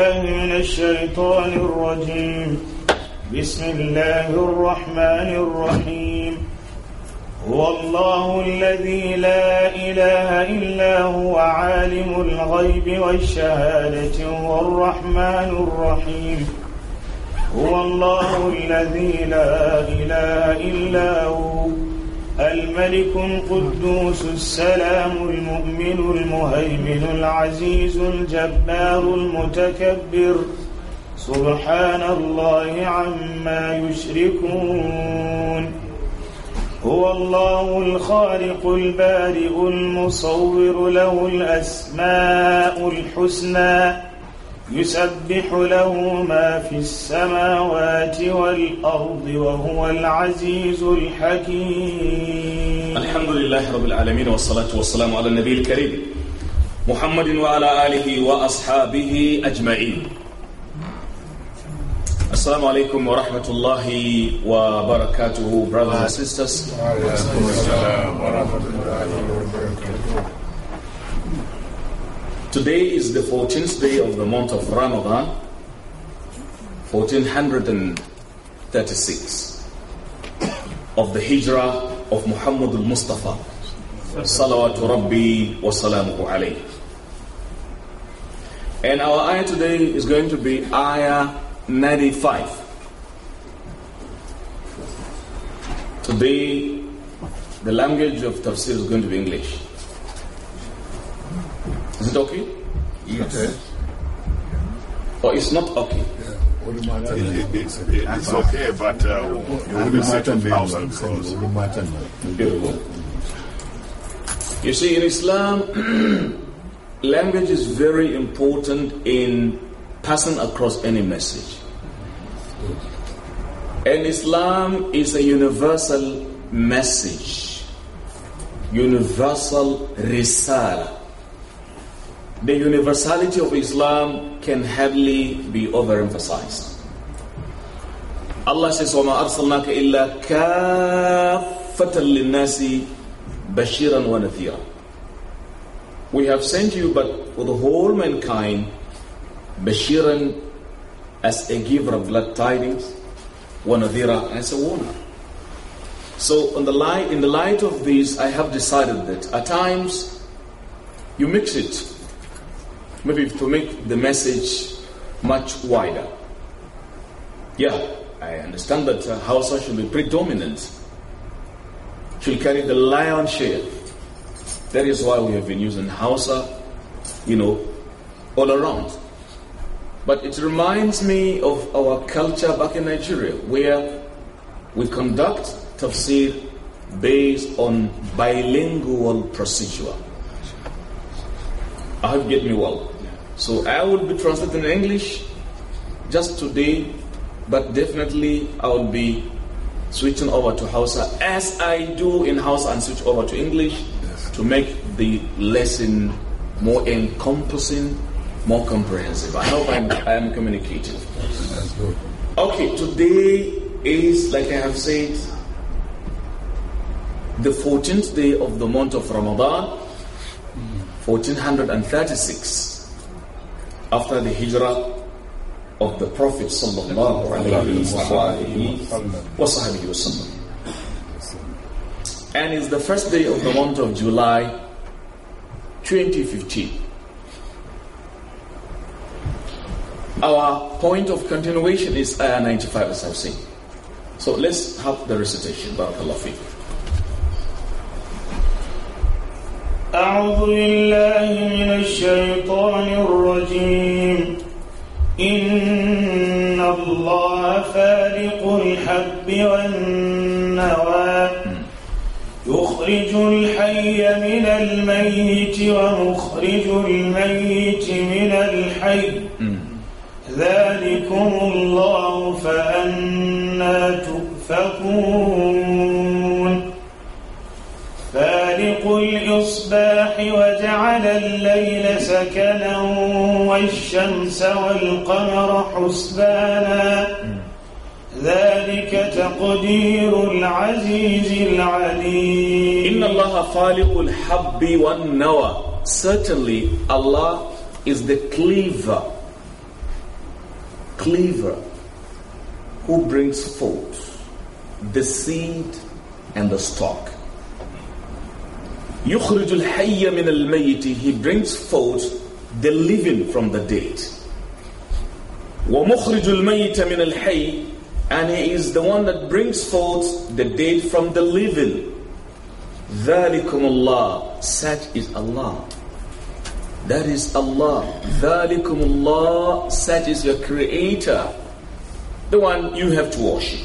من الشيطان الرجيم بسم الله الرحمن الرحيم هو الله الذي لا إله إلا هو عالم الغيب والشهادة هو الرحمن الرحيم هو الله الذي لا إله إلا هو الملك القدوس السلام المؤمن المهيمن العزيز الجبار المتكبر سبحان الله عما يشركون هو الله الخالق البارئ المصور له الاسماء الحسنى يسبح له ما في السماوات والأرض وهو العزيز الحكيم الحمد لله رب العالمين والصلاة والسلام على النبي الكريم محمد وعلى آله وأصحابه أجمعين السلام عليكم ورحمة الله وبركاته barakatuhu, brothers and sisters. Today is the 14th day of the month of Ramadan, 1436 of the Hijrah of Muhammad al-Mustafa, salawatu rabbi wa salamu alayhi. And our ayah today is going to be ayah 95. Today, the language of tafsir is going to be English. Is it okay? Yes. Okay. Or it's not okay? It, it, it's, it's okay, but uh, we'll be certain You see, in Islam, language is very important in passing across any message. And Islam is a universal message, universal risala. The universality of Islam can hardly be overemphasized. Allah says, وَمَا أَرْسَلْنَاكَ إِلَّا كَافَّةً لِلنَّاسِ بَشِيرًا وَنَذِيرًا We have sent you but for the whole mankind, Bashiran as a giver of glad tidings, Wanadhira as a warner. So the light, in the light of this, I have decided that at times you mix it maybe to make the message much wider. Yeah, I understand that uh, Hausa should be predominant, should carry the lion's share. That is why we have been using Hausa, you know, all around. But it reminds me of our culture back in Nigeria, where we conduct tafsir based on bilingual procedure. I hope you get me well. So I will be translating in English just today, but definitely I will be switching over to Hausa as I do in Hausa and switch over to English to make the lesson more encompassing, more comprehensive. I hope I'm, I am communicating. Okay, today is, like I have said, the 14th day of the month of Ramadan, 1436 after the hijrah of the Prophet And it's the first day of the month of July 2015. Our point of continuation is Ayah 95 as I've seen. So let's have the recitation. Barakallah fiqh. أعوذ بالله من الشيطان الرجيم إن الله فارق الحب والنوى يخرج الحي من الميت ومخرج الميت من الحي ذلكم الله فأنا تؤفكون وجعل الليل سكنا والشمس والقمر حسبانا ذلك تقدير العزيز العليم إن الله خالق الحب والنوى Certainly Allah is the cleaver cleaver who brings forth the seed and the stalk Yukhrijul hayya min al mayyiti. He brings forth the living from the dead. Wa mukhrijul mayyita min al hayy. And he is the one that brings forth the dead from the living. ذَلِكُمُ اللَّهُ Such is Allah. That is Allah. ذَلِكُمُ اللَّهُ Such is your creator. The one you have to worship.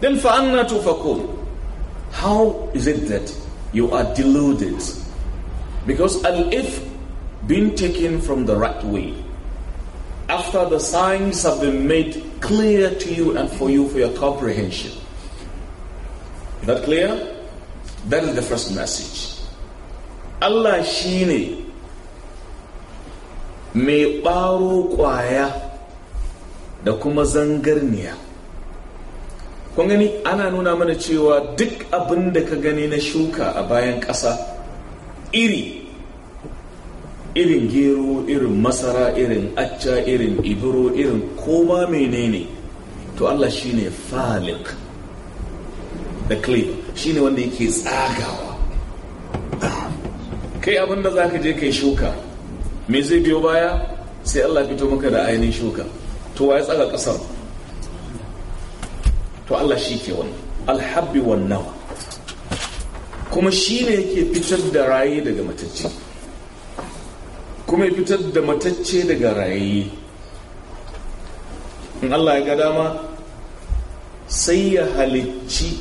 Then فَأَنَّا تُفَكُونَ How is it that you are deluded. Because al-if being taken from the right way, after the signs have been made clear to you and for you for your comprehension. Is that clear? That is the first message. Allah shi me baru ɓaro ƙwaya da kuma zangarniya. kun gani ana nuna mana cewa duk abin da ka gani na shuka a bayan ƙasa iri irin gero irin masara irin acca irin ibiro irin koma menene to Allah shine falik da shi shine wanda yake tsagawa kai abin da ka je kai shuka me zai biyo baya sai Allah fito maka da ainihin shuka to ya tsaga ƙasar to Allah shi ke wani alhabbi wannan kuma shi ne yake fitar da raye daga matacce kuma ya fitar da matacce daga raye in Allah ya ga dama sai ya halicci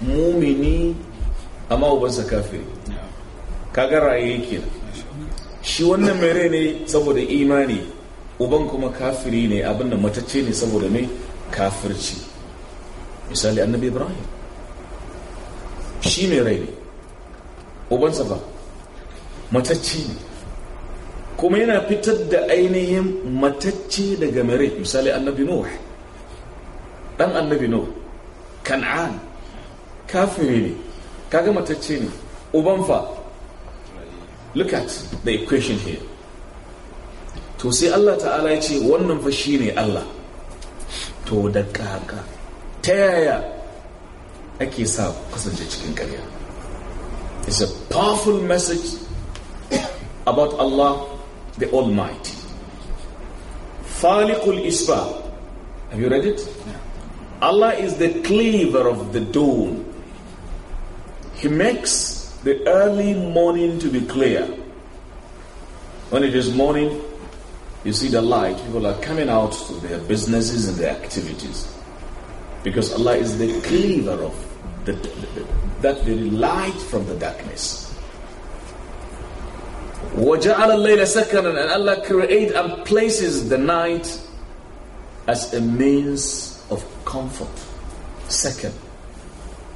mumini amma ubansa kafiri kaga raye yake shi wannan mere ne saboda imani uban kuma kafiri ne abinda matacce ne saboda mai kafirci misali annabi ibrahim shi mai rai ne ubansa ba matacci ne kuma yana fitar da ainihin matacci daga mai rai misali annabi nuh dan annabi nuh kan'an kafiri ne kaga matacci ne uban fa look at the equation here to sai Allah ta'ala ya ce wannan fa ne Allah to da kaka ta ake sa kasance cikin it's a powerful message about Allah the Almighty Faliqul Isba have you read it? Allah is the cleaver of the dawn he makes the early morning to be clear when it is morning you see the light people are coming out to their businesses and their activities because Allah is the cleaver of the, the, that very light from the darkness. وَجَعَلَ اللَّيْلَ سَكَنًا And Allah creates and places the night as a means of comfort. Second,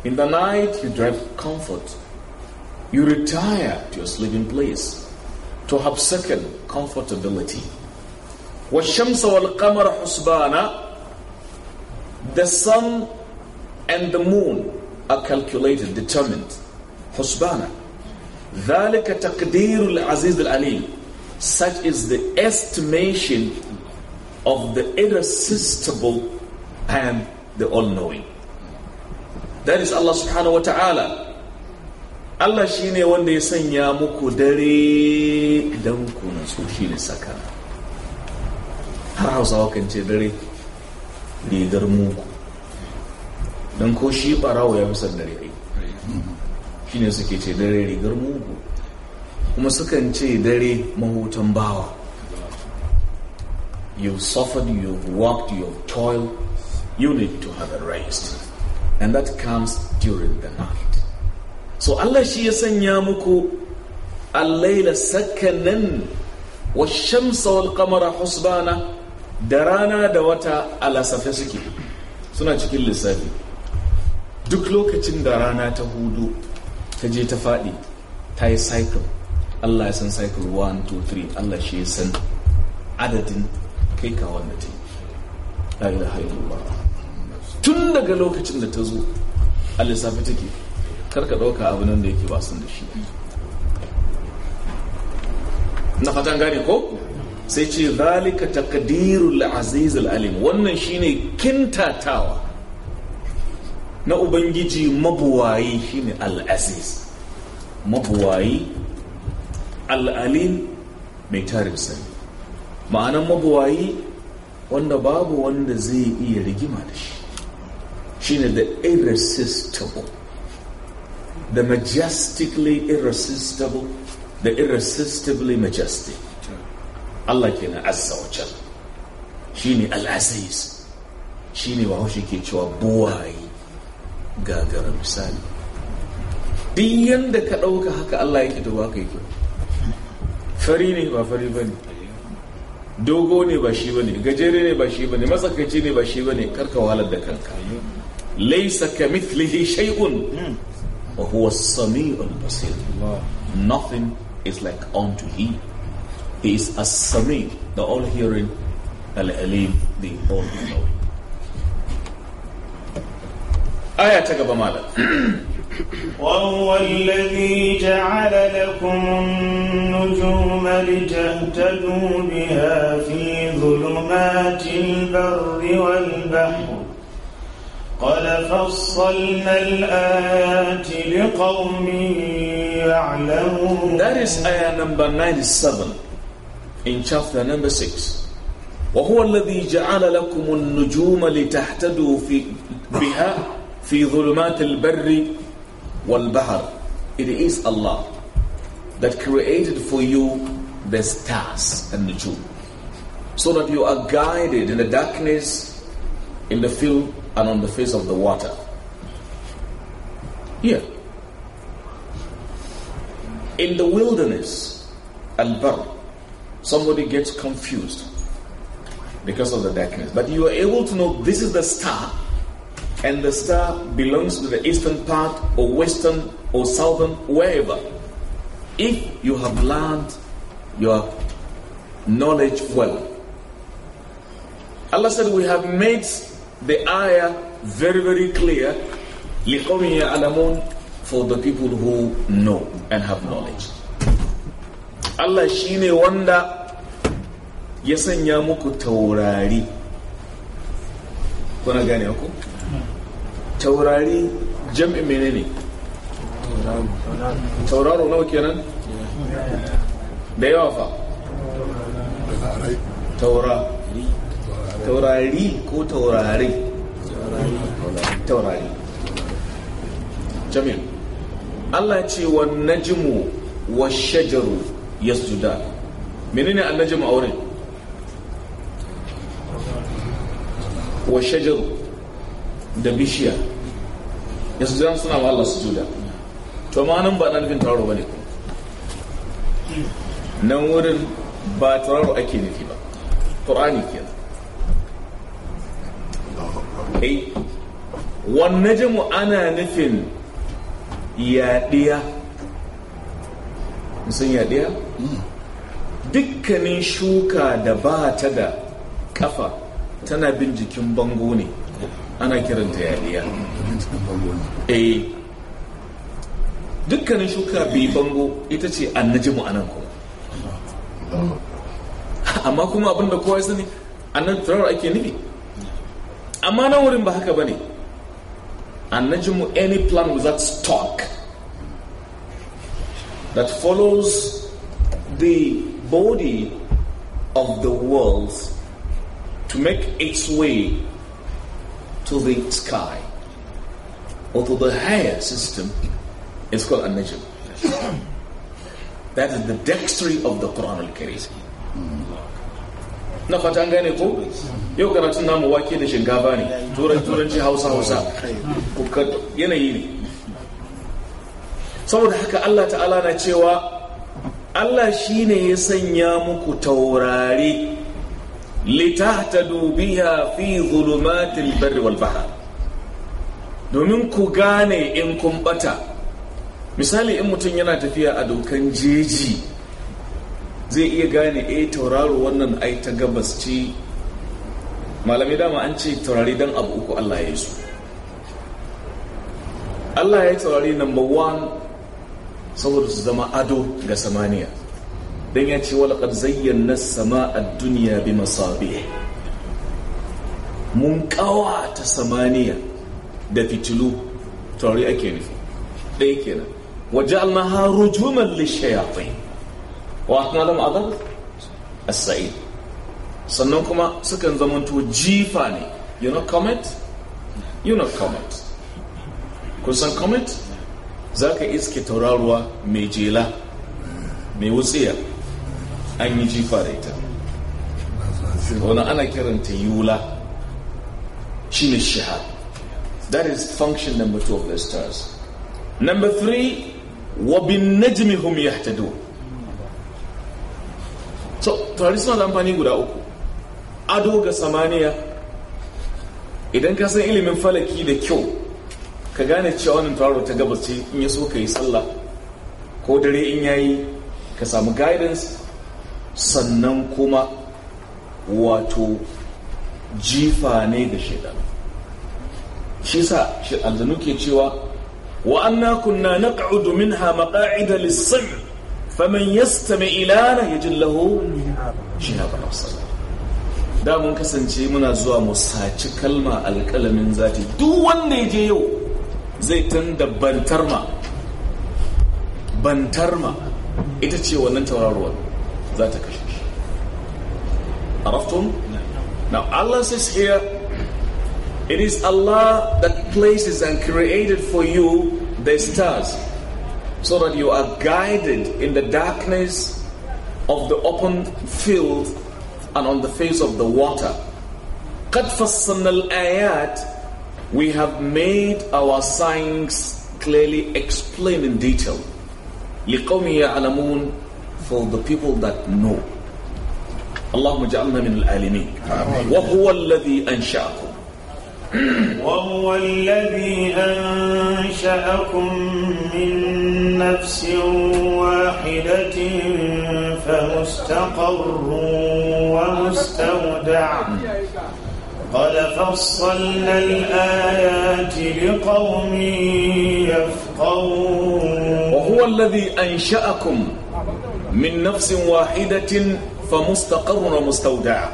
in the night you derive comfort. You retire to your sleeping place to have second comfortability. وَالشَّمْسَ وَالْقَمَرَ حُسْبَانًا the sun and the moon are calculated, determined. Husbana. ذلك تقدير العزيز العليم. Such is the estimation of the irresistible and the all-knowing. That is Allah subhanahu wa ta'ala. Allah shi ne wanda ya sanya muku dare don ku nasu ne sakana. Har ce dare rigar muku don ko shi barawo ya fi sandare dare ai shi ne suke ce dare rigar muku kuma sukan ce dare mahutan bawa you've suffered you've worked you've toiled you need to have a rest and that comes during the night so Allah shi ya sanya muku al-laila sakanan wa shamsa wal-qamara husbana da rana da wata a lasafe suke suna cikin lissafi duk lokacin da rana ta hudu ta je ta faɗi ta yi cycle allah ya san cycle 1 2 3 allah shi ya san adadin kai ka wanda ta yi la ilaha tun daga lokacin da ta zo a lissafi take karka ɗauka abu nan da yake basun da shi na fatan gane ko sai ce zalika taqdirul aziz alim wannan shine kintatawa na ubangiji mabuwayi shine al-aziz mabuwayi al mai tarin sani ma'anan mabuwayi wanda babu wanda zai iya rigima da shi shine the irresistible the majestically irresistible the irresistibly majestic Allah ke na azza wa shi ne al shi ne wa haushe ke cewa buwaye gagara misali duk yanda ka ɗauka haka Allah yake da waka yake fari ne ba fari bane dogo ne ba shi bane gajere ne ba shi bane matsakaici ne ba shi bane karka wahalar da kanka laysa kamithlihi shay'un wa huwa sami al basir nothing is like unto him He is As-Sami, the all-hearing, Al-Alim, the all-knowing. آية تقبى مالا وهو الذي جعل لكم النجوم لتهتدوا بها في ظلمات البر والبحر قد فصلنا الآيات لقوم يعلمون That is ayah number 97 in chapter number 6. وهو الذي جعل لكم النجوم لتهتدوا في بها في ظلمات البر والبحر. It is Allah that created for you the stars and the jewel so that you are guided in the darkness in the field and on the face of the water. Here, in the wilderness, al-barr, somebody gets confused because of the darkness. But you are able to know this is the star, and the star belongs to the eastern part, or western, or southern, wherever. If you have learned your knowledge well. Allah said, We have made the ayah very, very clear for the people who know and have knowledge. Allah shi ne wanda ya sanya muku taurari kuna gane ku taurari jam'i menene tauraro nawa kenan da yawa fa taurari taurari ko taurari taurari jamil Allah ce wa najimu wa shajaru yasjuda menene annajmu a wurin wa shajaru da bishiya yasjudan suna wa Allah sujuda to ma nan ba nan bin taro bane nan wurin ba taro ake nufi ba qur'ani ke eh wannan najmu ana nufin yaɗiya sun yadiya dukkanin shuka da ba ta da kafa tana bin jikin bango ne ana kiranta yadiya eh dukkanin shuka bai bango ita ce annajimu a nan kuma amma kuma abinda kowa sani annan turar ake nufi amma nan wurin ba haka ba ne annajimu any plan without stock that follows the body of the world to make its way to the sky or to the higher system is called a najm. that is the dexterity of the Quran al Karim. na fatan gane ko yau karatun namu wake da shinkafa ne turanci hausa hausa yanayi ne saboda haka Allah ta'ala na cewa Allah shi ne ya sanya muku taurari ta dubiya fi zulumatil barri wal bahr domin ku gane in kun bata misali in mutum yana tafiya a dokan jeji zai iya gane eh tauraro wannan ai ta gabas ce malamai dama an ce taurari dan abu uku Allah ya yi su Allah ya yi taurari number one saboda su zama ado ga samaniya don ya ce walakar zayyana sama a duniya bi masabi mun kawata samaniya da fitilu tauri ake nufi ɗaya kenan waje an ha rujuman lishayafai wa kuma zama azab asa'id sannan kuma sukan zamanto jifa ne you know comment? you know comet kusan comment? za ka iske tauraruwa mai jela mai wutsiya an yi jifa da ita wani ana kiranta yula ne shihab that is function number two of the stars number three wabin najmi hum yahtadu so taurari suna da amfani guda uku ado ga samaniya idan ka san ilimin falaki da kyau ka gane cewa wannan tauraro ta gabas ce in ya so ka yi sallah ko dare in ya yi ka samu guidance sannan kuma wato jifa ne da shaidan shi sa shi aljanu ke cewa wa anna kunna naq'udu minha maq'ida lis-sam' faman yastami ilana yajid lahu shihaban asala da mun kasance muna zuwa mu saci kalma alƙalamin zati duk wanda ya je yau zai tun bantarma bantarma ita ce wannan tauraruwar za ta kashe shi araftun now Allah says here it is Allah that places and created for you the stars so that you are guided in the darkness of the open field and on the face of the water قد فصلنا الآيات we have made our signs clearly explained in detail. لِقَوْمِ يَعْلَمُونَ For the people that know. اللهم جَعَلْنَا من العالمين وهو الذي أنشأكم وهو الذي أنشأكم من نفس واحدة فمستقر ومستودع قد فصلنا الآيات لقوم يفقهون وهو الذي أنشأكم من نفس واحدة فمستقر ومستودع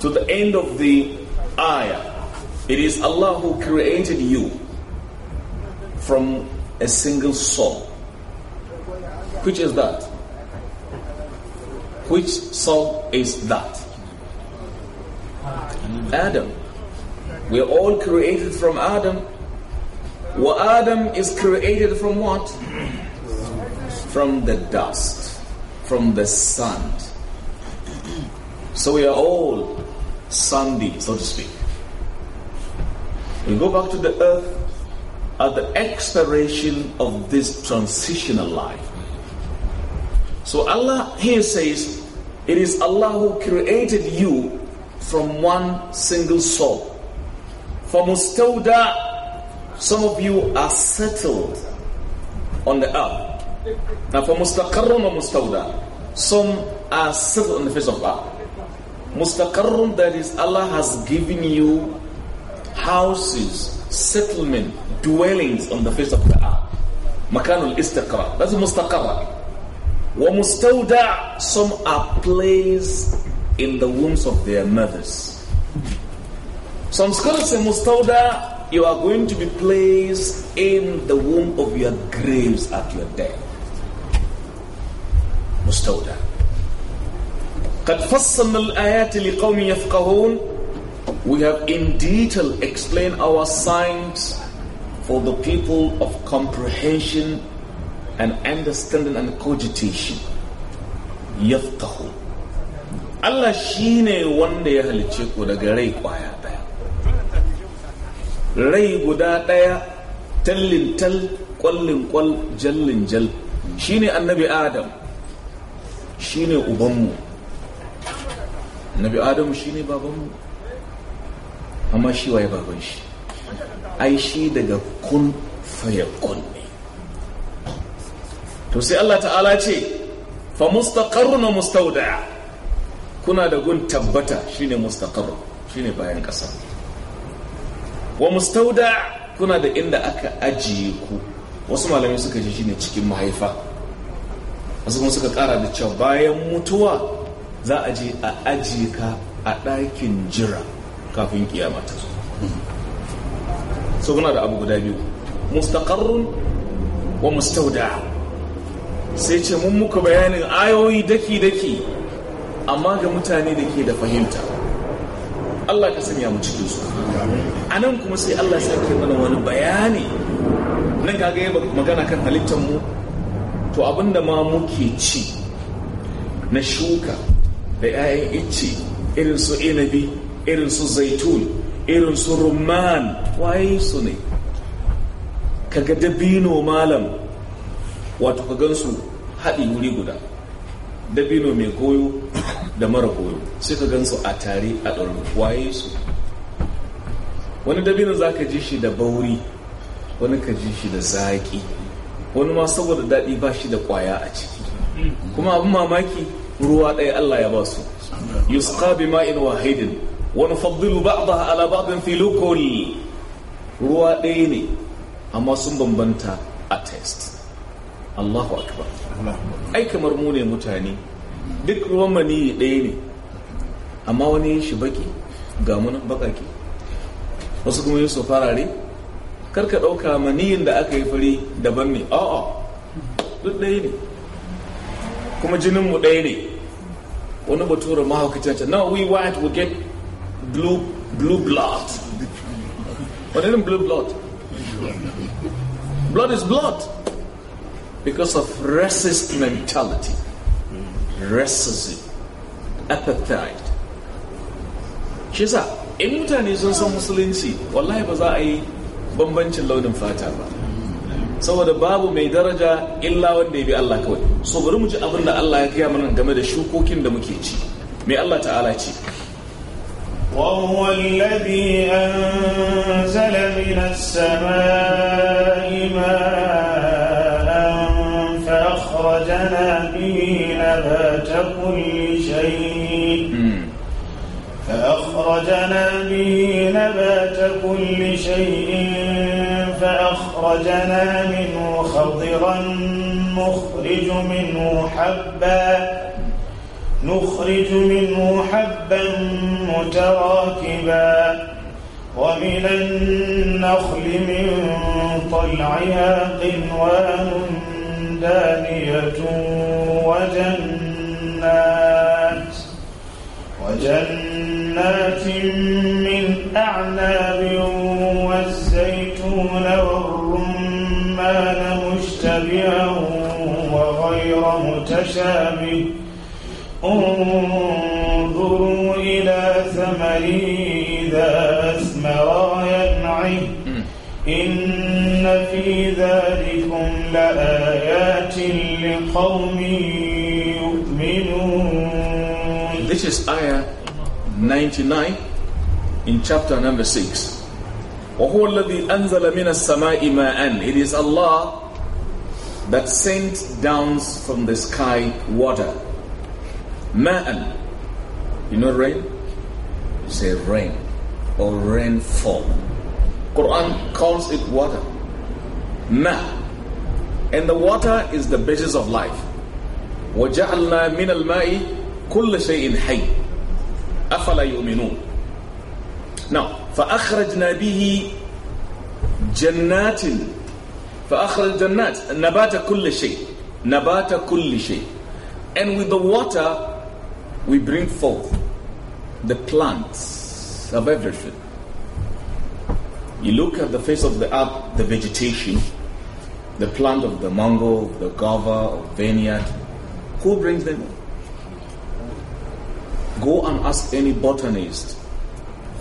To the end of the ayah, it is Allah who created you from a single soul. Which is that? Which soul is that? Adam. We're all created from Adam. Well, Adam is created from what? From the dust, from the sand. So we are all sandy, so to speak. We go back to the earth at the expiration of this transitional life. So Allah here says, It is Allah who created you from one single soul. For mustauda, some of you are settled on the earth. Now for mustaqarrun or mustauda, some are settled on the face of earth. Mustaqarrun, that is, Allah has given you houses, settlement, dwellings on the face of the earth. Makanul istiqrar. That's mustaqarra. Wa mustauda, some are placed in the wombs of their mothers. Some scholars say, Mustauda, you are going to be placed in the womb of your graves at your death. Mustauda. قد فصلنا الآيات لقوم يفقهون We have in detail explained our signs for the people of comprehension and understanding and cogitation. يفقهون Allah shi ne wanda ya halice ku daga rai kwaya ɗaya rai guda ɗaya tallin tal kwallin kwal jallin jal shi ne annabi adam shi ne ubanmu annabi adam shi ne babanmu amma shi waye baban shi ai shi daga kun kun ne to sai Allah ta'ala ce fa mustaqarrun mustaudaya." kuna da gun tabbata shine shi shine bayan ƙasa wa mustauda kuna da inda aka ajiye ku wasu malami suka ce shine cikin mahaifa wasu kuma suka ƙara da cewa bayan mutuwa za a je a ajiye ka a ɗakin jira kafin kiyama ta zo so kuna da abu guda biyu mustaqarrun wa mustauda sai ce mun muka bayanin ayoyi daki-daki amma ga mutane da ke da fahimta Allah ka sanya mu cikin su a nan kuma sai Allah sake mana wani bayani nan kaga yi magana kan halittar mu to abinda ma muke ci na shuka da 'ya'yan icce irin su inabi irin su zaitun irin su rumman waye su ne kaga dabino malam wato ka gansu haɗi wuri guda dabino mai goyo da mara goyo sai ka gansu a tare a ɗaurur waye su wani dabino za ka ji shi da bauri wani ka ji shi da zaƙi wani ma saboda daɗi ba shi da ƙwaya a ciki kuma abin mamaki ruwa ɗaya Allah ya ba su yusqa bi ma'in wahidin wa nufaddilu ba'daha ala ba'din fi ruwa ɗaya ne amma sun bambanta a test Allahu akbar ai kamar mu ne mutane duk ruwan mani ɗaya ne amma wani shi baki ga munan bakaki wasu kuma yin su farare karka ɗauka maniyin da aka yi fari daban ne a duk ɗaya ne kuma jinin mu ɗaya ne wani batura mahaukacin can now we white we get blue blue blood wani irin blue blood blood is blood because of racist mentality, racism, appetite. Shi yasa in mutane sun san musulunci wallahi ba za a yi bambancin launin fata ba. saboda babu mai daraja illa wanda ya bi Allah kawai so bari mu ji abin da Allah ya gaya mana game da shukokin da muke ci mai Allah ta'ala ce وهو الذي أنزل من السماء ماء لنا به نبات تقل شيء فأخرجنا به نبات كل شيء فأخرجنا منه خضرا نخرج منه حبا نخرج منه حبا متراكبا ومن النخل من طلعها قنوان دانية وجنات وجنات من أعناب والزيتون والرمان مشتبها وغير متشابه انظروا إلى ثمري إذا أثمر وينعي إن في ذلك لآيات لقوم يؤمنون This is ayah 99 in chapter number 6 وهو الذي أنزل من السماء ماء It is Allah that sent down from the sky water ma'an you know rain you say rain or rainfall Quran calls it water ma and the water is the basis of life. وَجَعَلْنَا مِنَ الْمَاءِ كُلَّ شَيْءٍ حَيٍّ أَفَلَا يُؤْمِنُونَ Now, فَأَخْرَجْنَا بِهِ جَنَّاتٍ فَأَخْرَجْ جَنَّاتٍ نَبَاتَ كُلِّ شَيْءٍ نَبَاتَ كُلِّ شَيْءٍ And with the water, we bring forth the plants of everything. You look at the face of the earth, the vegetation, the plant of the mango, the guava, of vineyard. Who brings them? Go and ask any botanist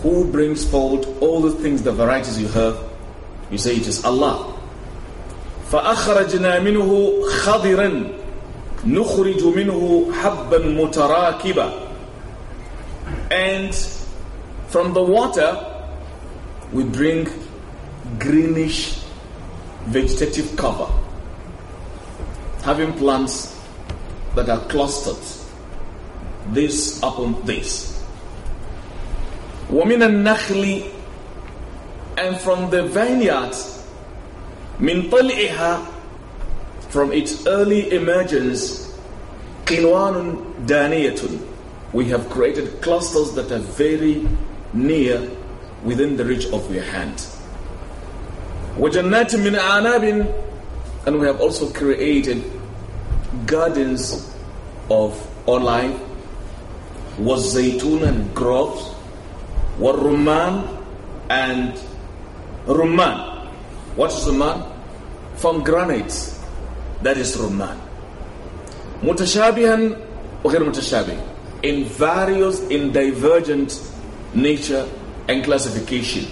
who brings forth all the things, the varieties you have. You say it is Allah. فأخرجنا منه خضرا نخرج منه حبا متراكبا And from the water we bring greenish vegetative cover, having plants that are clustered, this upon this. ومن النخل and from the vineyard من طلعها from its early emergence قنوان دانية we have created clusters that are very near within the reach of your hand وَجَنَّاتٍ مِّنْ And we have also created gardens of online, وَالزَّيْتُونَ and groves, وَالرُّمَّان and rumman. What is rumman? From granites. That is rumman. Mutashabiyan, غير متشابه in various in divergent nature and classification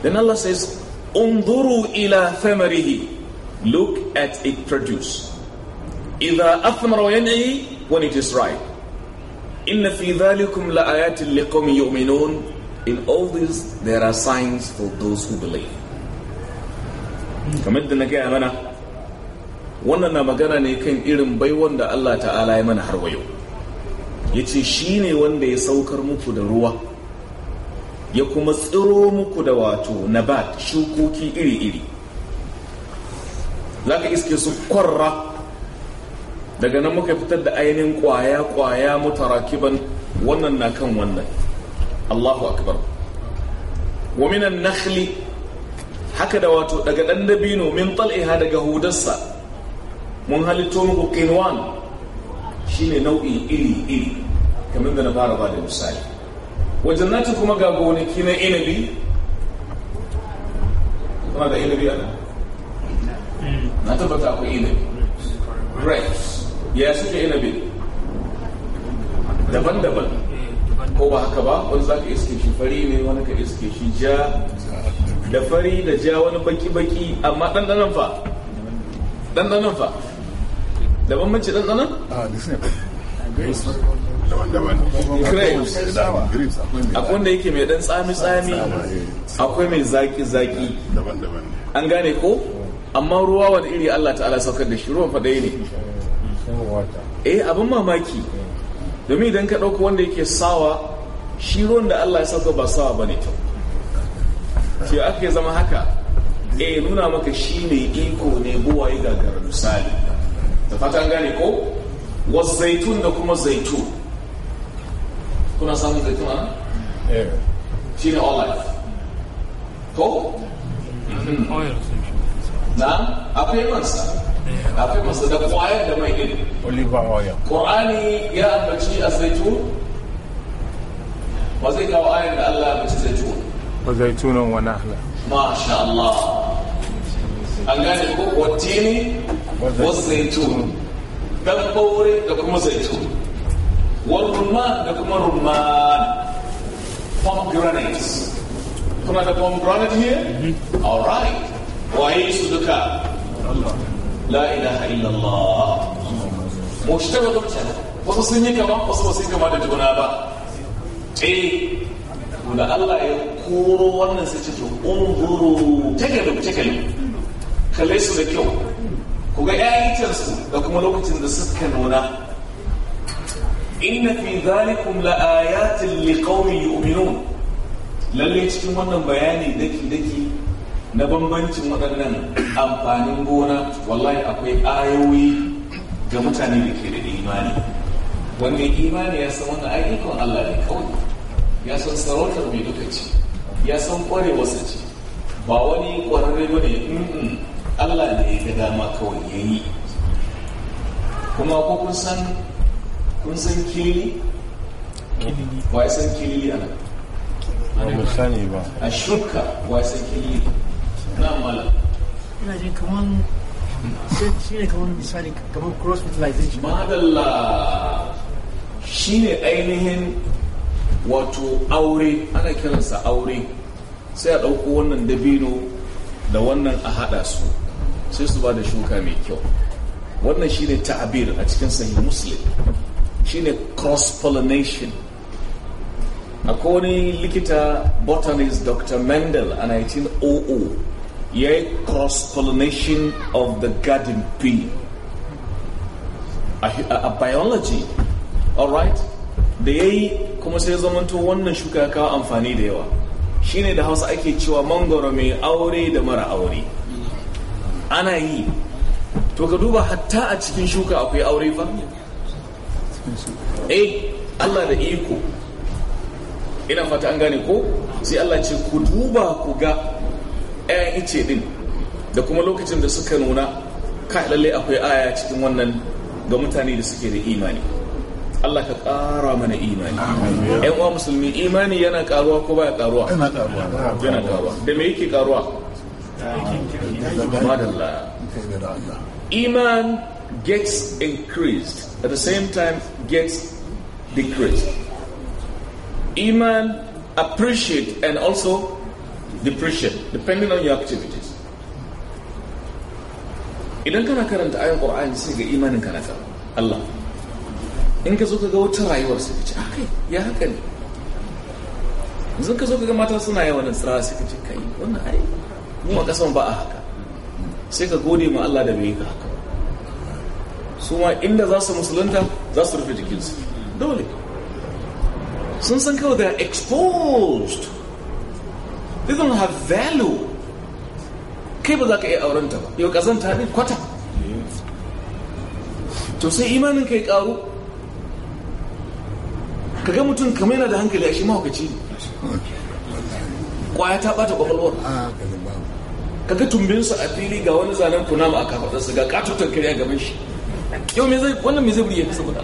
then Allah says انظروا إلى ثمره look at it produce إذا أثمر وينعي when it is ripe إن في ذلكم لآيات لقوم يؤمنون in all this there are signs for those who believe kamar da na gaya mana wannan na magana ne kan irin baiwan da Allah ta'ala ya mana har wayo ya ce wanda ya saukar muku da ruwa ya kuma tsiro muku da wato nabat shukoki iri-iri za ka iske su kwarra daga nan muka fitar da ainihin kwaya-kwaya mutarakiban wannan na kan wannan allahu akbar waminan nakhli haka da wato daga ɗan dabino min tal'iha daga hudarsa mun halitto muku kinwan shine nau'i iri-iri kamar da na fara ba da misali wa jannati kuma ga gonaki na inabi kuna da inabi ana na tabbata akwai inabi grapes ya suke inabi daban-daban ko ba haka ba wani za ka iske shi fari ne wani ka iske shi ja da fari da ja wani baki-baki amma ɗanɗanan fa ɗanɗanan fa da bambanci danan? a disney daban-daban grapes akwai wanda yake mai dan tsami-tsami akwai mai zaki-zaki daban-daban an gane ko amma ruwa wani iri Allah ta'ala saukar da shi ruwan fadai ne eh abin mamaki domin idan ka ɗauka wanda yake sawa shi ruwan da Allah ya sauka ba sawa ba ne ce aka zama haka eh nuna maka shi ne iko ne buwaye gagara misali da fata gane ko wasu zaitun da kuma zaitun kuna samun zaitun ana? shi ne all life ko? na akwai mansa akwai mansa da kwayar da mai ɗin oliver oil ƙorani ya ambaci a zaitun wa zai kawo ayar da allah ya ambaci zaitun wa zaitunan wa nahla ma sha Allah an gane ko wattini wa zaitun dan ɓaure da kuma zaitun wal da kuma rumman pomegranates kuna da pomegranate here mhm. all right waye su duka la ilaha illallah mushtabatu wasu sun yi kama wasu wasu kama da juna ba eh da Allah ya koro wannan sai ce to unzuru tagalu tagalu kalle su da kyau ku ga ƴaƴan da kuma lokacin da suka nuna inna fi zalikum laayatin liqaumin yu'minun lalle cikin wannan bayani daki daki na bambancin waɗannan amfanin gona wallahi akwai ayoyi ga mutane da ke da imani wanda imani ya san wannan ayyukan Allah ne kawai ya san sarautar mai duka ce ya san kwarewarsa ce ba wani kwararre ba ne Allah ne ya ga dama kawai yayi kuma ko kun san kun san kilili wa san kilili ana ba sani ba a shukka wa san kilili na mala ina jin kaman shi ne kaman misali kaman cross fertilization madalla shi ne ainihin wato aure ana kiransa aure sai a ɗauko wannan dabino da wannan a haɗa su sai su ba da shuka mai kyau wannan shi ne ta'abir a cikin sahih muslim shine cross pollination akwai wani likita botanist dr mendel a 1900 ya yi cross pollination of the garden bee a, a, a biology alright da ya yi kuma sai zamanto wannan shuka ya kawo amfani da yawa shine da hausa ake cewa mangoro mai aure da mara aure ana yi to ka duba hatta a cikin shuka akwai aure fa eh Allah da iko ina fata an gane ko sai Allah ce ku duba ku ga 'ya'yan ice din da kuma lokacin da suka nuna kai lalle akwai aya cikin wannan ga mutane da suke da imani Allah ka ƙara mana imani ƴan uwa musulmi imani yana ƙaruwa ko baya ƙaruwa yana ƙaruwa yana ƙaruwa da me yake ƙaruwa madalla iman gets increased at the same time gets decreased. Iman appreciate and also depreciate depending on your activities. Idan kana karanta ayan Qur'ani sai ga imanin kana ta Allah. In ka zo ka ga wata rayuwar sai ka ce akai ah, ya haka ne. Yanzu ka zo ka ga mata suna yawan tsara sai ka kai wannan ai mu a kasan ba a haka. Sai ka gode ma Allah da bai yi haka. su ma inda za su musulunta za su rufe jikinsu dole sun san kawai they are exposed they don't have value kai ba za ka iya aurenta ba yau kazanta ne kwata to sai imanin kai karu ka ga mutum kamar yana da hankali a shi mahaukaci ne kwaya ta bata kwakwalwar ah, ka ga tumbinsu a fili ga wani zanen kunama a kafaɗarsa ga katotar kare gaban shi yau me zai wannan me zai burge ka saboda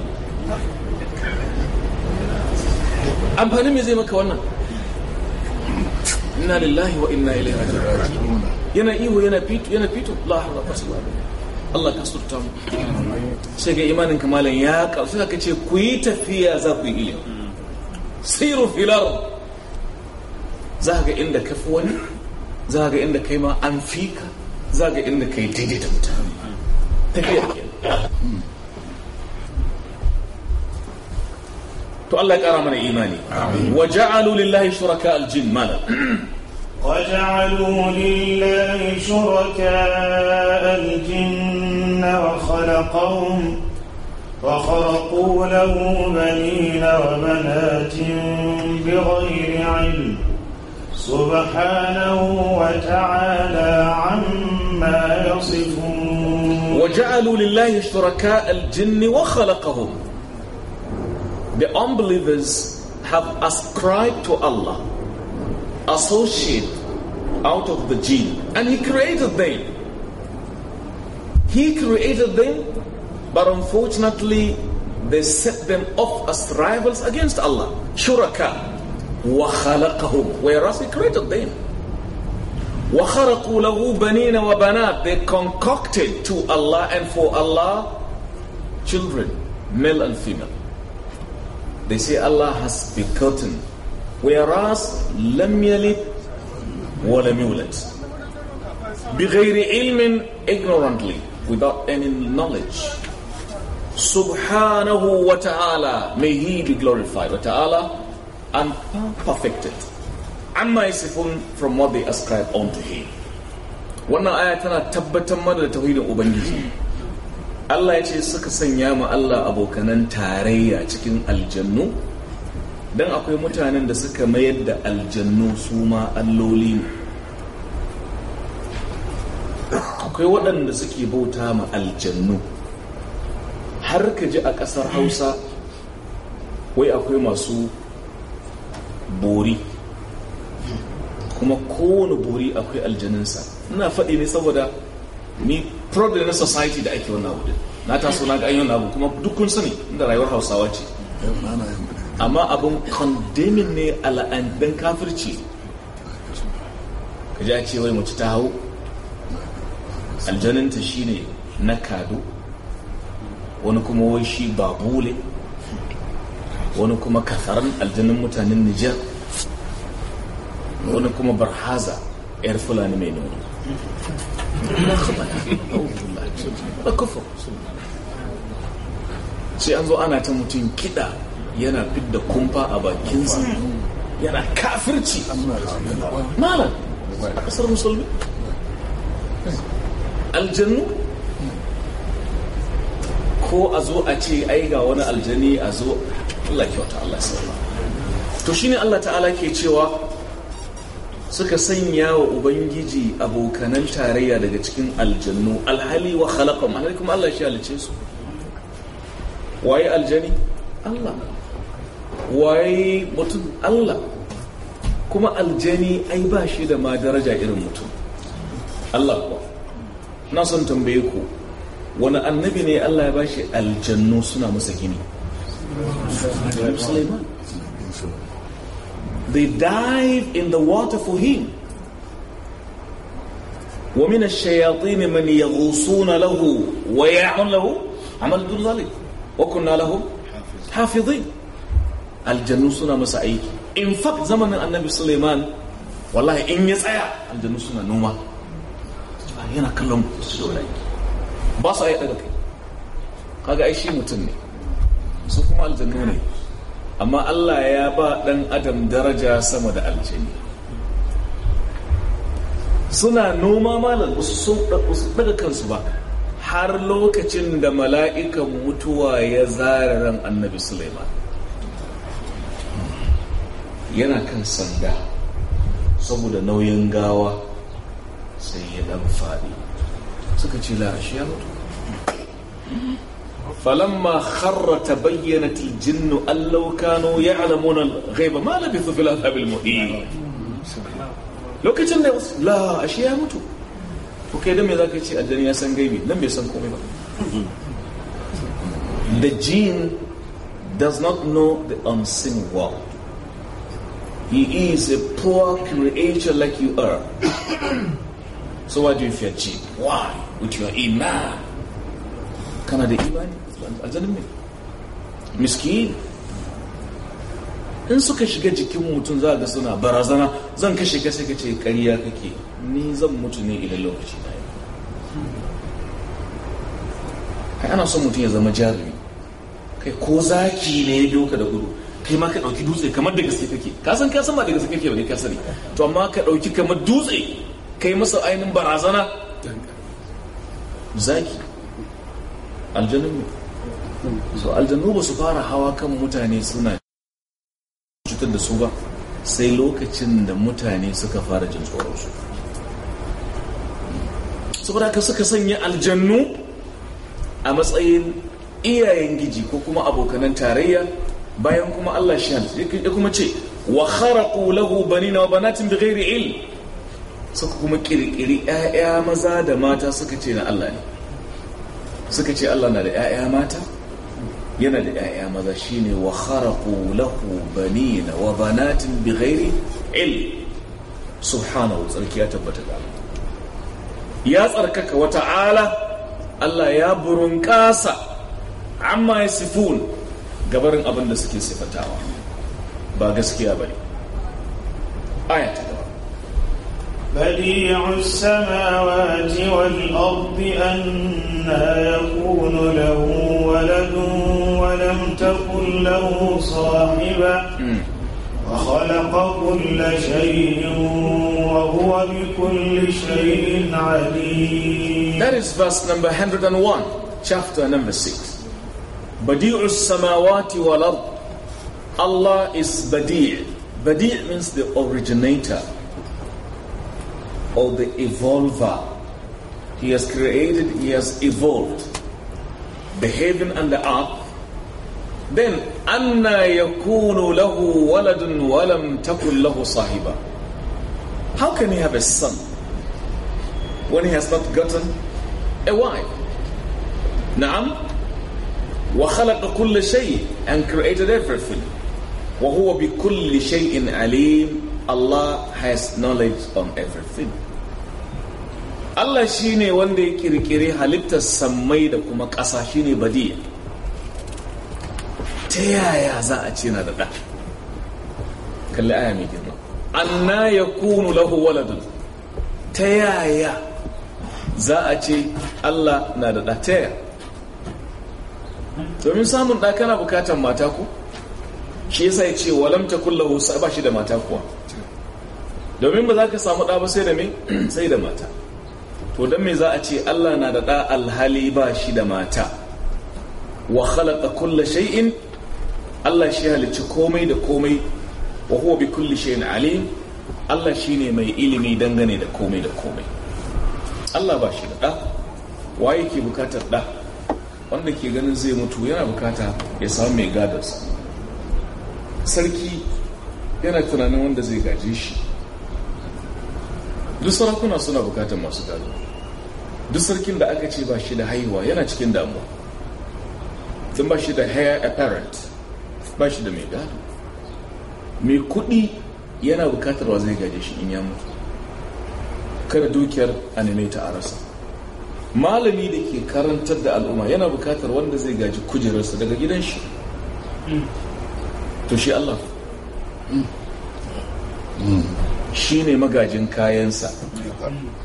amfanin me zai maka wannan inna lillahi wa inna ilaihi raji'un yana ihu yana fito yana fito la hawla wala quwwata Allah ka surta mu sai ga imanin kamalan ya kasu ka ce ku yi tafiya za ku yi ilimi siru filar za ga inda ka fi wani za ga inda kai ma an fi ka ga inda kai daidai mutane tafiya kenan تو الله ya من ايماني وجعلوا لله شركاء الجن shuraka وجعلوا لله شركاء الجن وخلقهم وخرقوا له بنين وبنات بغير علم سبحانه وتعالى عما يصفون وَجَعَلُوا لِلَّهِ شُرَكَاءَ الْجِنِّ وَخَلَقَهُمْ The unbelievers have ascribed to Allah associate out of the jinn and He created them. He created them but unfortunately they set them off as rivals against Allah. Shuraka. وَخَلَقَهُمْ Whereas He created them. وَخَرَقُوا لَهُ بَنِينَ وَبَنَاتٍ They concocted to Allah and for Allah children, male and female. They say Allah has begotten, whereas لَمْ يَلِدْ وَلَمْ يُولَدْ بِغَيْرِ عِلْمٍ Ignorantly, without any knowledge. Subhanahu wa ta'ala, may He be glorified. Wa ta'ala, and perfected. amma yasifun from what they ascribe unto him wannan aya tana tabbatar mana da tauhidin ubangiji Allah ya ce suka sanya ma Allah abokanan tarayya cikin aljannu dan akwai mutanen da suka mayar da aljannu su ma alloli ne akwai waɗanda suke bauta ma aljannu har ka ji a ƙasar hausa wai akwai masu bori kuma kowane buri akwai aljaninsa ina faɗi ne saboda ni problem na society da ake wannan abu na taso na ga an abu kuma duk kun sani inda rayuwar hausawa ce amma abin kondemin ne al'adun kafirci ka a ce wai mace ta hau aljaninta shine na kado wani kuma wai shi babule wani kuma kasaran aljanin mutanen nijar wani kuma barhaza yar fulani mai nuna. sai an zo ana ta mutum kiɗa yana fidda kumfa a bakinsa yana kafirci malam a ƙasar musulmi aljannu ko a zo a ce ai ga wani aljani a zo Allah kyauta Allah sallama to shine Allah ta'ala ke cewa suka sanya wa ubangiji abokanan tarayya daga cikin aljannu alhali wa khalaqahum alhali kuma Allah shi halice su waye aljani Allah waye mutum Allah kuma aljani ai ba shi da ma daraja irin mutum Allah kuwa na son tambaye ku wani annabi ne Allah ya bashi aljannu suna masa gini Sulaiman They dive in the water for him. ومن الشياطين من يغوصون له ويعون له عمل دون ذلك وكنا حافظين مسعي in fact annabi suleiman wallahi in ya tsaya yana kallon ba su a kai kaga ai mutum ne su amma Allah ya ba ɗan adam daraja sama da aljini suna noma malar su daga kansu ba har lokacin da mala'ikan mutuwa ya zara ran annabi Suleiman yana kan sanda saboda nauyin gawa sai ya ɗan faɗi suka ce la'ashi mutu فلما خر تبينت الجن أن لو كانوا يعلمون الغيب ما لبثوا في العذاب المهين لو كجن لا أشياء متو اوكي دم ذاك الشيء الدنيا سن غيبي لم يسن كومي The jinn does not know the unseen world. He is a poor creature like you are. so why do you fear jinn? Why? With your iman. kana da imani aljanin mai miski in suka shiga jikin mutum za ga suna barazana zan kashe ka sai ka ce ƙarya kake ni zan mutu ne idan lokaci na yi ana son mutum ya zama jarumi kai ko zaki ne ya doka da gudu kai ma ka ɗauki dutse kamar da gaske kake ka san ka san ba da gaske kake ba ne ka sani to amma ka ɗauki kamar dutse kai masa ainihin barazana zaki aljanun so aljannu ba su fara hawa kan mutane suna cutar da su ba sai lokacin da mutane suka fara jin tsoron su saboda haka suka sanya aljannu a matsayin iyayen giji ko kuma abokanan tarayya bayan kuma Allah shi ya kuma ce wa kharaqu lahu banina wa banatin bighairi il, suka kuma kirkiri 'ya'ya maza da mata suka ce na Allah ne suka ce Allah na da 'ya'ya mata yana da 'ya'ya maza shine wa kharaqu lahu na wa banatin bighairi il subhanahu tsarki ya tabbata da Allah ya tsarkaka wata ala Allah ya burunkasa amma sifun gabarin abin da suke sifatawa ba gaskiya bane ayata بديع السماوات والأرض أنا يكون له ولد ولم تكن له صاحبة وخلق كل شيء وهو بكل شيء عليم That is verse number 101 chapter number 6 بديع السماوات والأرض Allah is بديع. بديع means the originator or the evolver. He has created, he has evolved the heaven and the earth. Then, أَنَّا يَكُونُ لَهُ وَلَدٌ وَلَمْ تَكُنْ لَهُ صَاحِبًا How can he have a son when he has not gotten a wife? نعم وخلق كل شيء and created everything وهو بكل شيء عليم Allah has knowledge on everything Allah shi ne wanda ya kirkiri halittar sammai da kuma ƙasa shi ne badiya ta yaya za a ce na da ɗa kalli aya mai girma anna ya kunu lahu waladun ta yaya za a ce Allah na da ɗa ta yaya domin samun ɗa kana bukatar mata ku shi yasa ya ce walamta kullahu ba shi da mata kuwa domin ba za ka samu ɗa ba sai da me sai da mata to don me za a ce Allah na da ɗa alhali ba shi da mata wa khalaqa kulla shay'in Allah shi halicci komai da komai wa huwa bi kulli shay'in alim Allah shi ne mai ilimi dangane da komai da komai Allah ba shi da ɗa wa yake bukatar ɗa wanda ke ganin zai mutu yana bukata ya samu mai gadarsa sarki yana tunanin wanda zai gaje shi duk sarakuna suna bukatar masu gado duk sarkin da aka ce ba shi da haihuwa yana cikin damuwa Sun ba shi da hair apparent ba shi da mai gado mai kudi yana bukatar wa zai gaje shi in ya mutu kada dukiyar anime ta arasa malami da ke karantar da al'umma yana bukatar wanda zai gaji kujerarsa daga gidan shi hmm. to shi allah hmm. Hmm. shine magajin kayansa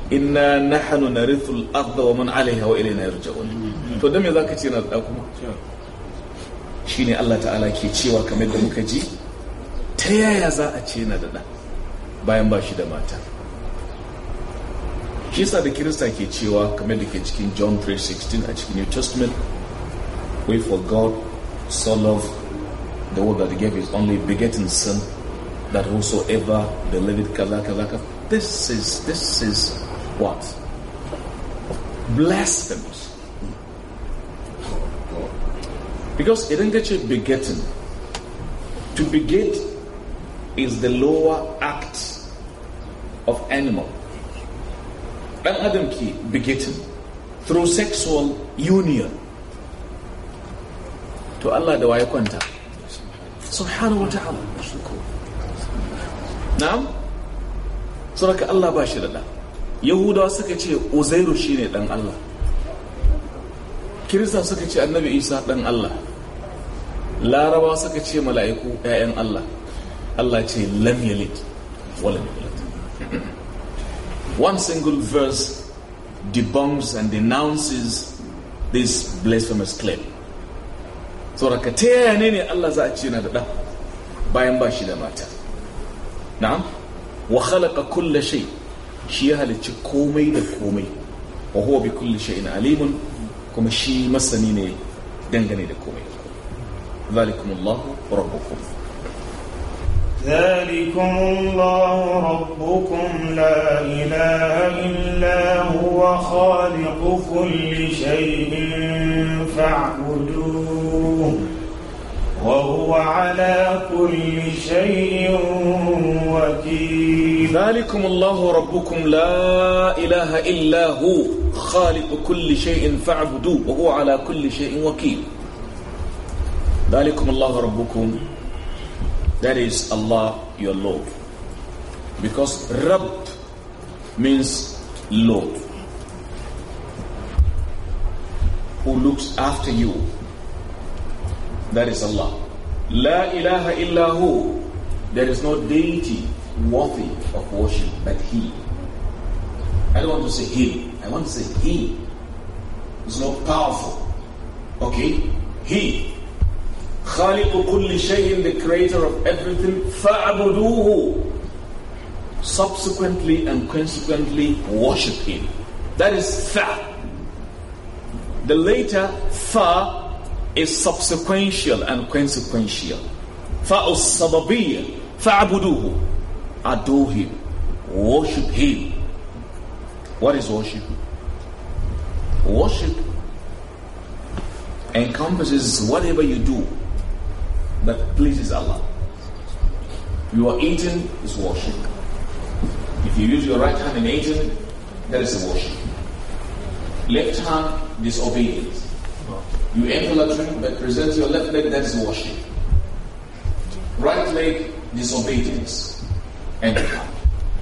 inna nahnu narithu al-ardha wa man 'alayha wa ilayna yarji'un to dan me ka ce na da kuma ne Allah ta'ala ke cewa kamar da muka ji ta yaya za a ce na da bayan ba shi da mata shi sa da kirista ke cewa kamar da ke cikin John 3:16 a cikin New Testament we for God so loved the world that gave his only begotten son that whosoever believeth kala kala. This is this is what blasphemous. Because it didn't get you begetting. To beget is the lower act of animal. And Adam key begetting through sexual union. To Allah the way kwanta. Subhanahu wa ta'ala. na'am saboda Allah ba shi da yahudawa suka ce uzairu shine ɗan Allah kirista suka ce annabi isa ɗan Allah larabawa suka ce mala'iku 'ya'yan Allah Allah ce lam yalid walam yalid one single verse debunks and denounces this blasphemous claim saboda ka ta yaya ne Allah za a ce na da bayan ba shi da mata na'am wa khalaqa kulla shay shi ya halicci komai da komai wa huwa bi kulli shay'in alimun kuma shi masani ne dangane da komai da komai zalikum Allah rabbukum ذلكم الله ربكم لا إله إلا هو خالق كل شيء فاعبدوه وهو على كل شيء وكيل ذلكم الله ربكم لا إله إلا هو خالق كل شيء فاعبدوه وهو على كل شيء وكيل ذلكم الله ربكم That is Allah your Lord Because Rabb means Lord Who looks after you That is Allah. La ilaha illahu. There is no deity worthy of worship but He. I don't want to say Him. I want to say He. It's not powerful. Okay? He. خالق كل شيء, the creator of everything. فَعْبُدُوهُ Subsequently and consequently worship Him. That is fa. The later fa is subsequential and consequential. فَأُسْسَبَبِيَّ فَعْبُدُوهُ Adore Him. Worship Him. What is worship? Worship encompasses whatever you do that pleases Allah. You are eating is worship. If you use your right hand in eating, that is worship. Left hand disobedience. You a him, but present your left leg, that is worship. Right leg, disobedience. And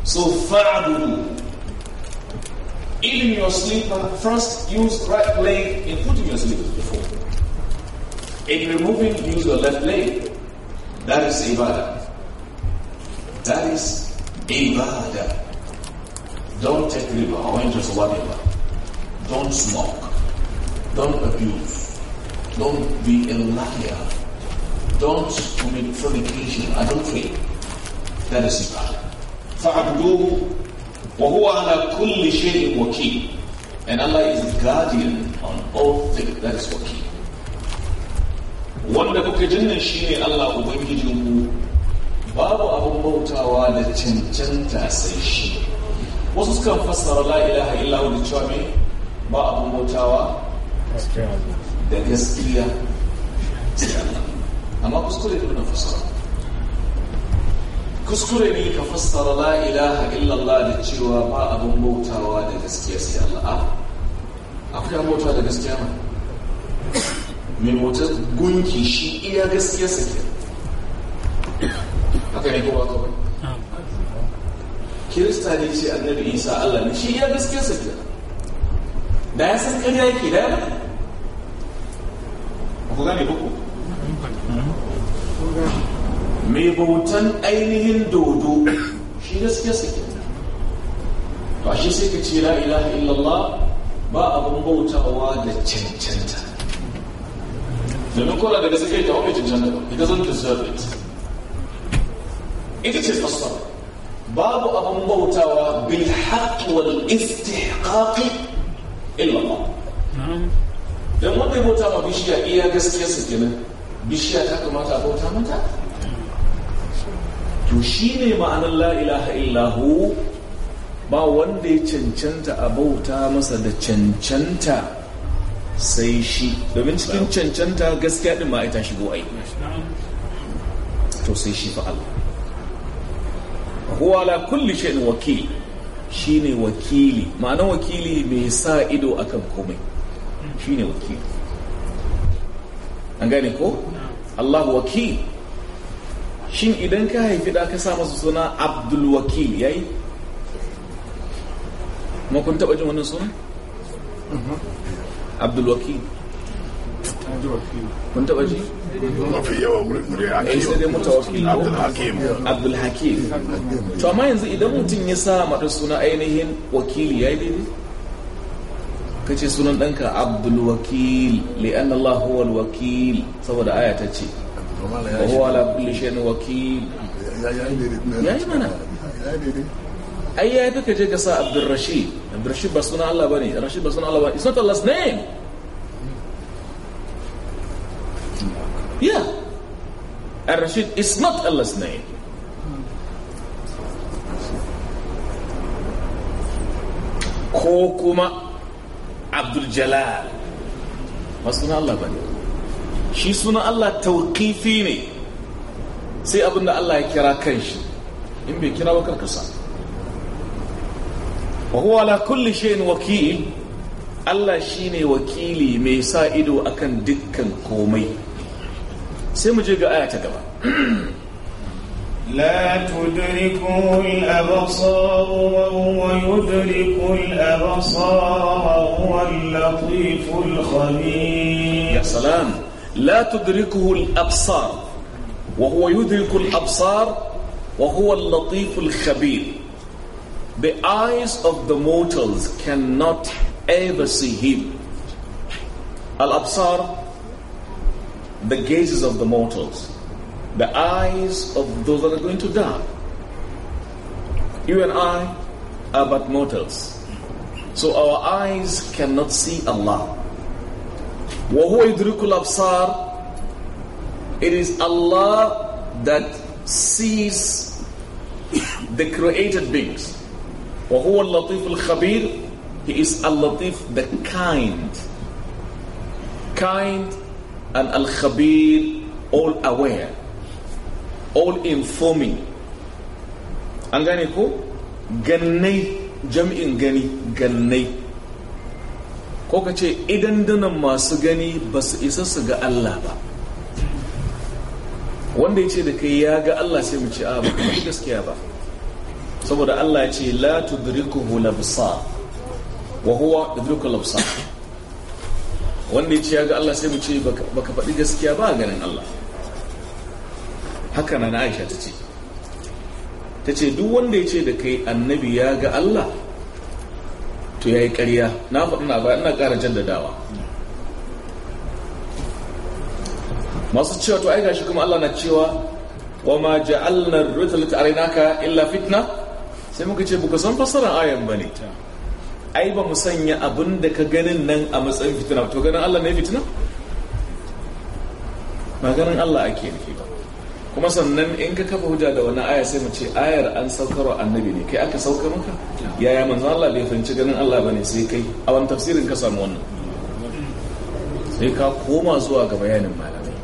so fa'aduhu. Even your sleeper, first use right leg in putting your sleeper before. In removing, use your left leg. That is ibadah. That is ibadah. Don't take riba or interest whatever. Don't smoke. Don't abuse. Don't be a liar. Don't commit fornication, adultery. That is the فَعَبْدُوهُ وَهُوَ كُلِّ شَيْءٍ And Allah is guardian on all things. That is wakil. Wanda kuka jinnan shi ne Allah Ubangijinku babu abin bautawa da cancanta sai shi. Wasu sukan fassara la ilaha illahu da cewa ba abin bautawa? da gaskiya amma kuskure ne na fasara kuskure ne ka fassara la ilaha illallah da cewa ba abin bautawa da gaskiya sai Allah a akwai abin bautawa da gaskiya ma me motar gunki shi iya gaskiya sake haka ne kuma kawai kirista ne ce annabi isa Allah ne shi iya gaskiya sake da ya san kariya yake da ya gane ba mai bautan ainihin dodo shi gaske sake ba shi sai ka ce la illallah ba abin bautawa da cancanta domin kola daga suke ta wani cancanta ba it doesn't deserve it ita ce fassara babu abin bautawa bil haqq wal istihqaq illa Allah don wanda ya bauta ma bishiya iya gaskiya su kenan bishiya ta kamata a bauta mata to shi ne ma'anar ilaha illahu ba wanda ya cancanta a bauta masa da cancanta sai shi domin cikin cancanta gaskiya din ma ita shigo ai to sai shi fa Allah huwa ala kulli shay'in wakil shine wakili ma'ana wakili mai sa ido akan komai shine wakil an gane ko Allah wakil shin idan ka haifi da ka samu su suna Abdul Wakil yayi ma kun taba jin wannan suna Abdul Wakil kun taba ji eh, Abdul Hakim to amma yanzu idan mutum ya sa mata suna ainihin wakili yayi daidai kace sunan ɗanka abdul wakil li'an Allah huwa wakil saboda aya ta ce wa huwa ala ya shay'in mana ai yayi kaka je ka sa abdul rashid abdul rashid ba sunan rashid ba sunan Allah bane it's not Allah's name yeah rashid is not Allah's name ko kuma abdul jalal ba suna Allah ba shi suna Allah tauƙifi ne sai abinda Allah ya kira kan shi in bai kira ba karkasa wa huwa ala kulli shay'in wakil Allah shine wakili mai sa ido akan dukkan komai sai mu je ga aya ta gaba لا تدركه الأبصار وهو يدرك الأبصار وهو اللطيف الخبير يا سلام لا تدركه الأبصار وهو يدرك الأبصار وهو اللطيف الخبير The eyes of the mortals cannot ever see him. Al-Absar, the gazes of the mortals. the eyes of those that are going to die. You and I are but mortals. So our eyes cannot see Allah. وَهُوَ يُدْرِكُ الْأَبْصَارِ It is Allah that sees the created beings. وَهُوَ اللَّطِيفُ الْخَبِيرُ He is Al-Latif, the kind. Kind and Al-Khabir, all aware. all informing an gane ko gannai jam'in gani gannai ko ka ce idan dunan masu gani ba su isa su ga Allah ba wanda ya ce da kai ya ga Allah sai mu ce a ah, ba gaskiya ba saboda Allah ya ce la tudrikuhu labsa wa huwa yudriku labsa wanda ya ce ya ga Allah sai mu ce ka faɗi gaskiya ba ganin Allah haka na aisha ta ce ta ce duk wanda ya ce da kai annabi ya ga allah to ya yi karya na faɗi na bayan na ƙara jaddadawa masu cewa to aika gashi kuma allah na cewa wa ma ja'alna rutalata ka illa fitna sai muka ce buka san fassara ayan ba ne. ai ba mu sanya abin da ka ganin nan a matsayin fitina to ganin Allah ne fitina ba ganin Allah ake nufi ba kuma sannan in ka kafa hujja da wani aya sai mu ce ayar an saukar annabi ne kai aka sauka maka yaya manzo Allah bai fahimci ganin Allah bane sai kai a wani tafsirin ka samu wannan sai ka koma zuwa ga bayanin malamai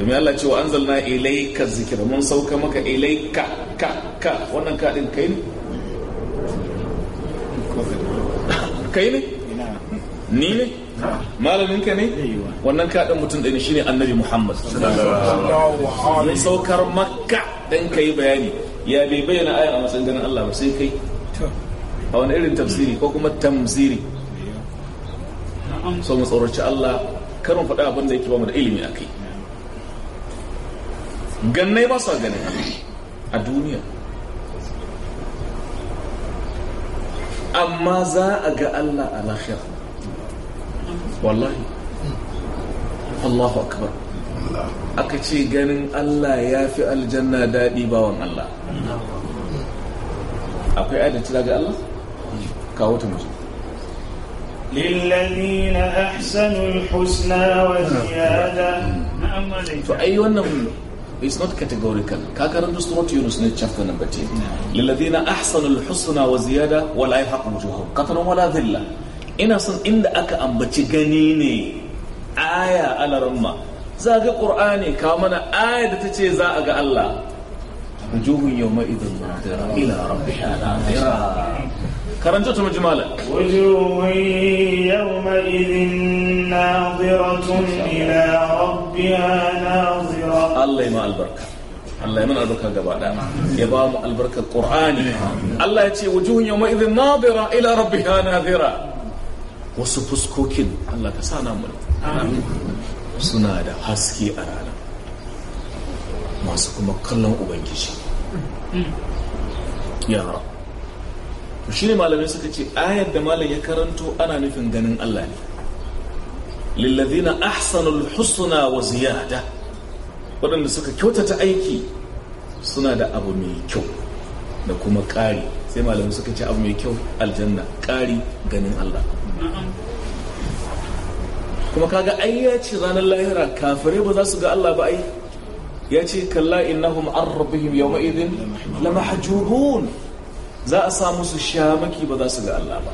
domin Allah ce wa anzalna ilayka zikra mun sauka maka ilayka ka ka wannan ka din kai ne kai ne ni ne malamin ka ne wannan kaɗan mutum ɗani shine annabi muhammad mun saukar makka dan ka yi bayani ya bai bayyana aya a matsayin ganin allah ba sai kai a wani irin tafsiri ko kuma tamziri so mu tsoraci allah karin faɗa abin da yake ba mu da ilimi a kai gannai ba su gane a duniya amma za a ga allah a lahira wallahi Allahu akbar aka ce ganin Allah ya fi aljanna daɗi bawan Allah akwai adalci daga Allah kawo ta musu للذين أحسنوا الحسنى وزيادة to ai wannan it's not categorical ka karanta surat yunus ne chapter number 10 lilladhina ahsanu alhusna wa ziyada wa la yahaqu wujuhum qatran wa la dhillah ina son inda aka ambaci gani ne aya alaramma za ga ƙur'ani kawo mana aya da ta ce za a ga Allah wujuhun yawma idin nadira ila rabbi nadira karanta ta majmala wujuhun yawma idin nadiratun ila rabbiha nadira Allah ya ma albarka Allah ya mana albarka gaba daya ya ba mu albarkar Qur'ani Allah ya ce wujuhun yawma idin nadira ila rabbiha nadira wasu fuskokin Allah ka sa namu suna da haske a rana masu kuma kallon ubangiji mm. Ya'a. to shine malamai suka ce ayar da malam ya karanto ana nufin ganin Allah ne lillazina ahsanul husuna wa ziyada waɗanda suka kyautata aiki suna da abu mai kyau da kuma ƙari sai malamai suka ce abu mai kyau aljanna ƙari ganin Allah kuma kaga ai ya ce ranar lahira kafirai ba za su ga Allah ba ai ya ce kalla innahum an yawma idin la mahjubun za a sa musu shamaki ba za su ga Allah ba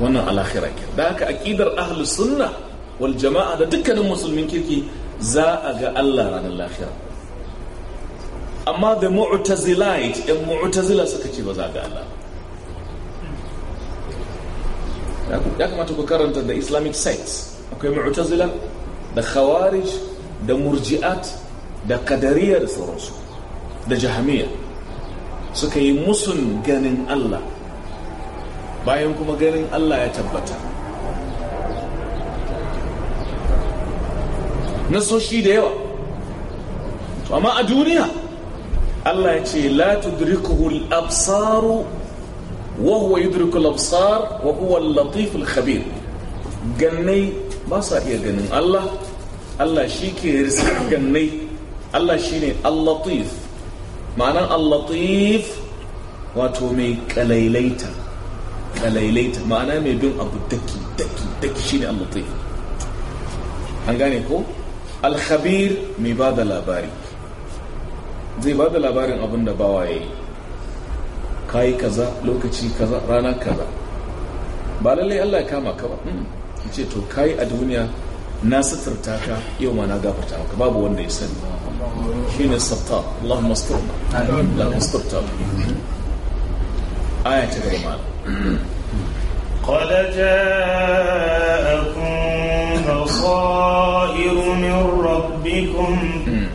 wannan alakhira ke da haka aqidar ahlus sunna wal jama'a da dukkanin musulmin kirki za a ga Allah ranar lahira amma da mu'tazilite ɗan mu'tazila suka ce ba za ga Allah ba ya kamata ku karanta da islamic sects akwai mu'tazila da khawarij da murji'at da kadariya da sauransu da jahamiya suka yi musun ganin allah bayan kuma ganin allah ya tabbata nasoshi da yawa amma a duniya allah ya ce la tudrikuhu al-absaru وهو يدرك الأبصار وهو اللطيف الخبير جني باسا يا جنن الله الله شيكي رزق جني الله شيني اللطيف معنى اللطيف واتومي كليليتا كليليتا معنى مي بين أبو دكي دكي دكي شيني اللطيف هنغاني كو الخبير مي بادا لاباري زي بادا لابارين أبو ندباوا يي kayi kaza lokaci kaza rana kaza ba lallai Allah ya kama ka ba hmm. ce to kayi a duniya na suturta ka yau ma na gafarta maka babu wanda ya sani shi ne sabta Allah masturna Allah masturta aya ta gaba ma'ana قد جاءكم بصائر من ربكم hmm.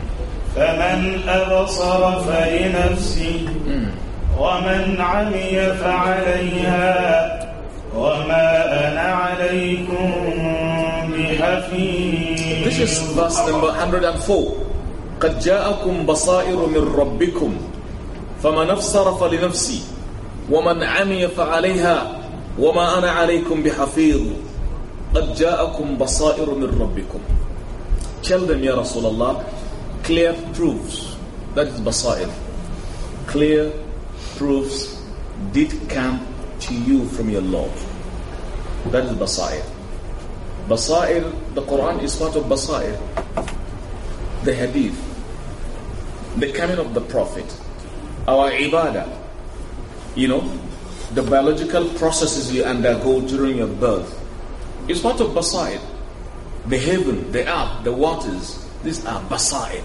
فمن أبصر فلنفسه ومن عمي فعليها وما أنا عليكم بحفيظ This is verse number 104 قد جاءكم بصائر من ربكم فمن افسر فلنفسي ومن عمي فعليها وما أنا عليكم بحفيظ قد جاءكم بصائر من ربكم Tell them يا رسول الله clear proofs that is basair. clear truths did come to you from your Lord. That is Basair. Basair, the Quran is part of Basair. The Hadith, the coming of the Prophet, our ibadah, you know, the biological processes you undergo during your birth. It's part of Basair. The heaven, the earth, the waters, these are Basair.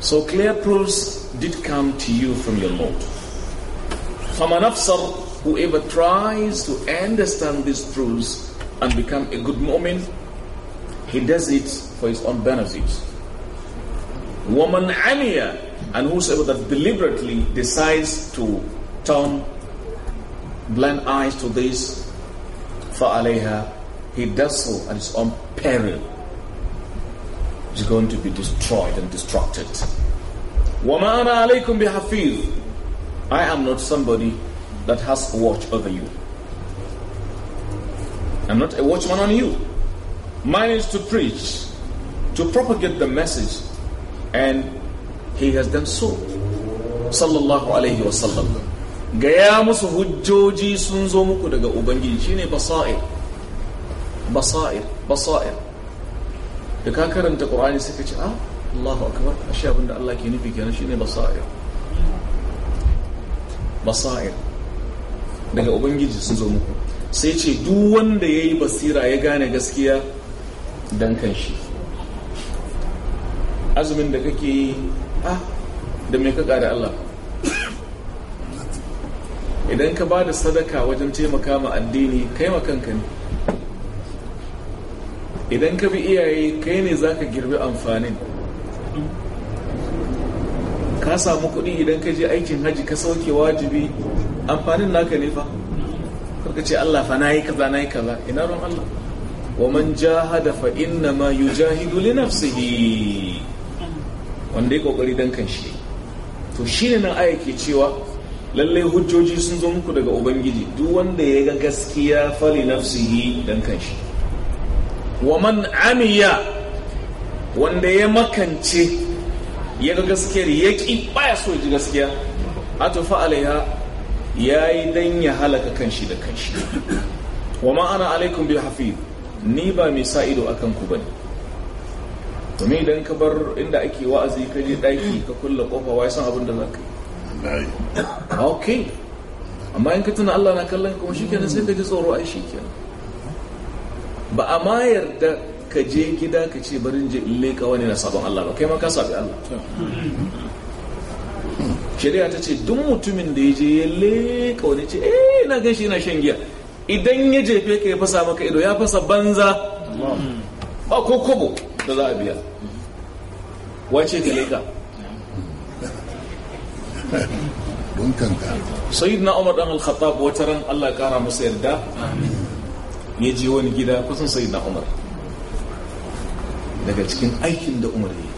So clear proofs did come to you from your Lord. Famanafsar, whoever tries to understand these truths and become a good mu'min, he does it for his own benefit. Woman amiya, and whosoever that deliberately decides to turn blind eyes to this, Aleha, He does so at his own peril is going to be destroyed and destructed. I am not somebody that has a watch over you. I'm not a watchman on you. Mine is to preach, to propagate the message, and he has done so. Sallallahu Alaihi Wasallam. Gaya musu hujjoji sun zo muku daga Ubangiji shine basair. Basair, basair. da ka karanta ƙur'ani suka ce ah Allahu a shi abinda Allah ke nufi kenan ne basair basair daga ubangiji sun zo muku sai ce duk wanda ya yi basira ya gane gaskiya don kan shi azumin da kake yi ah da mai kaka da Allah idan ka ba da sadaka wajen taimaka ma addini kai ma kanka ne idan ka bi iyaye kai ne za ka girbi amfanin ka samu kuɗi idan ka je aikin haji ka sauke wajibi amfanin naka ne fa karka ce Allah fa nayi kaza nayi kaza ina ran Allah wa man jahada fa inna ma yujahidu li nafsihi wanda ya kokari dan shi? to shine nan aya ke cewa lallai hujjoji sun zo muku daga ubangiji duk wanda ya ga gaskiya fali nafsihi dan kanshi wa man amiya wanda ya makance ya ga gaskiyar ya ƙi baya so ji gaskiya a tufa alaiha ya yi don ya halaka kanshi da kanshi wa ma ana alaikum hafi ni ba mai sa ido a kanku ba ne domin idan ka bar inda ake wa'azi ka je ɗaki ka kulla ƙofa wai san abin da za ka yi ok amma in ka tuna allah na kallon kuma shi kenan sai ka ji tsoro ai shi kenan ba a ma yarda ka je gida ka ce barin je in leƙa wani na sabon Allah ba kai ma ka sabi Allah shari'a ta ce duk mutumin da ya je ya leƙa wani ce eh na shi na shan giya idan ya jefe ka ya fasa maka ido ya fasa banza ba ko kobo da za a biya wace ka leƙa don kanka sayyidina umar dan al-khattab wataran Allah ya kara masa yarda ya je wani gida kusan sai na umar daga cikin aikin da umar yi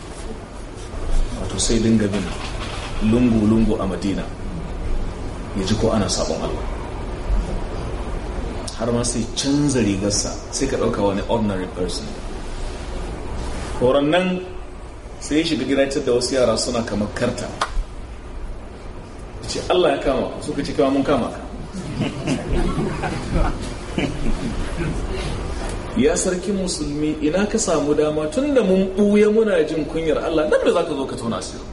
wato sai dinga bin lungu-lungu a madina ya ji ko ana sabon allah har ma sai canza rigarsa sai ka ɗauka wani ordinary person horannan nan sai ya shiga gidatar da wasu yara suna kamar karta ce allah ya kama suka ce kama mun kama ya sarki musulmi ina ka samu dama tun da mun ɓuya muna jin kunyar Allah nan da za ka zo ka tona asiri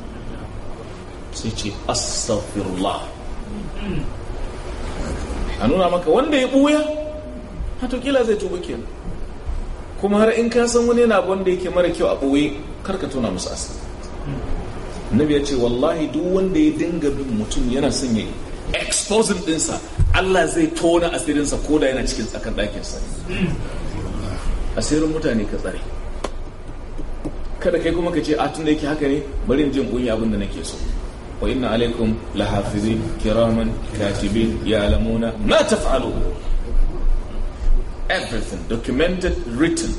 sai ce astaghfirullah a nuna maka wanda ya ɓuya kila zai tuba kenan kuma har in ka san wani yana wanda yake mara kyau a ɓoye karka tona musu asiri nabi ya ce wallahi duk wanda ya dinga bin mutum yana son ya yi exposing dinsa Allah zai tona asirinsa ko da yana cikin tsakan ɗakinsa asirin mutane ka tsare kada kai kuma ka ce a tun da yake haka ne bari in jin kunya abin da nake so wa inna alaikum lahafizin kiraman katibin alamuna ma taf'alu everything documented written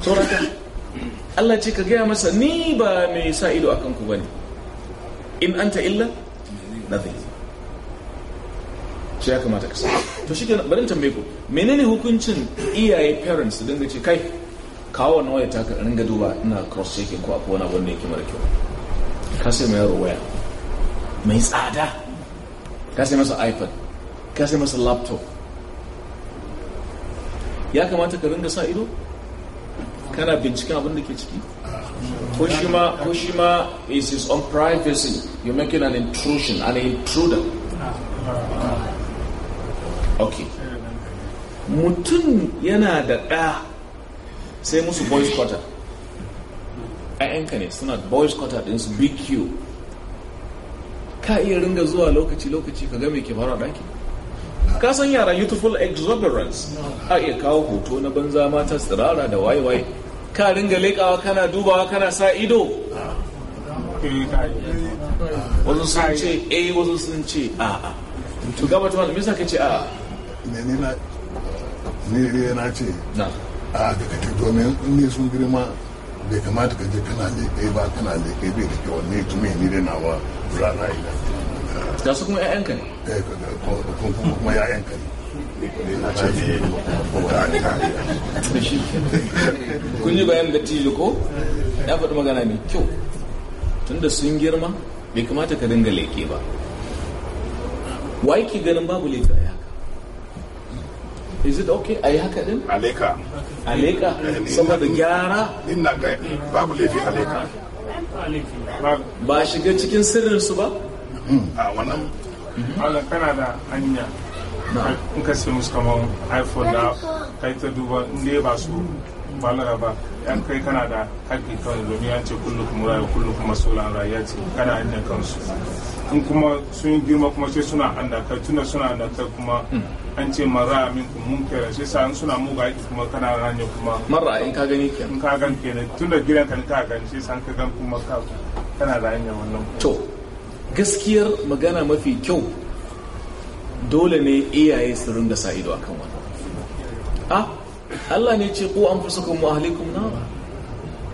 sauraka Allah ce ka gaya masa ni ba mai sa ido akan ku bane in anta illa nothing shi ya kamata ka to shi kenan bari tambaye ku menene hukuncin iyaye parents din da ce kai kawo na waya taka ringa duba ina cross checking ko akwai wani wanda yake mara kyau ka sai mai yaro waya mai tsada ka sai masa ipad ka sai masa laptop ya kamata ka ringa sa ido kana binciken abin da ke ciki Hushuma, Hushuma is his own privacy. You're making an intrusion, an intruder. Okay. Mutun yana da ɗa sai musu boys quarter. ‘Ya'yanka ne suna boys quarter ɗinsu BQ. Ka iya ringa zuwa lokaci-lokaci ka ga me ke faru ɗaki. Ka san yara youthful exuberance. A iya kawo hoto na banza mata tsirara da waye ka ga leƙawa kana dubawa kana sa ido wasu sun ce a eh, wasu sun ce a to gaba ta malamin ka ce a ne ne na ne na ce a daga ta domin ne sun girma bai kamata ka je kana leƙe ba kana leƙe bai da kyau ne tumi ni da nawa rana ina da su kuma 'ya'yanka ne eh, kuma 'ya'yanka ne na kun yi bayan dattijo ko ya faɗi magana mai kyau tunda sun girma bai kamata ka dinga leke ba wa yake ganin babu leke a haka is it okay a yi haka din aleka aleka saboda gyara ina ga babu leke aleka ba shiga cikin sirrinsu ba a wannan kana da hanya in ka sai musu kamar iphone da kai ta duba inda ba su balaga ba yan kai kana da haƙƙi kan domin an ce kullu kuma rayu kullu kuma solan rayuwa ce kana hanyar kansu in kuma sun girma kuma sai suna andaka tunda suna andaka kuma hmm. an ce mara min kuma mun kera sai sa suna muga aiki kuma kana ranye kuma mara in ka gani kenan in ka gani kenan tunda gidan ka ka gani sai san ka gan kuma ka kana da hanyar wannan to gaskiyar magana mafi kyau dole ne iyaye su rinda sa ido akan wannan ah Allah ne ce ku fusa kuma ahlikum nara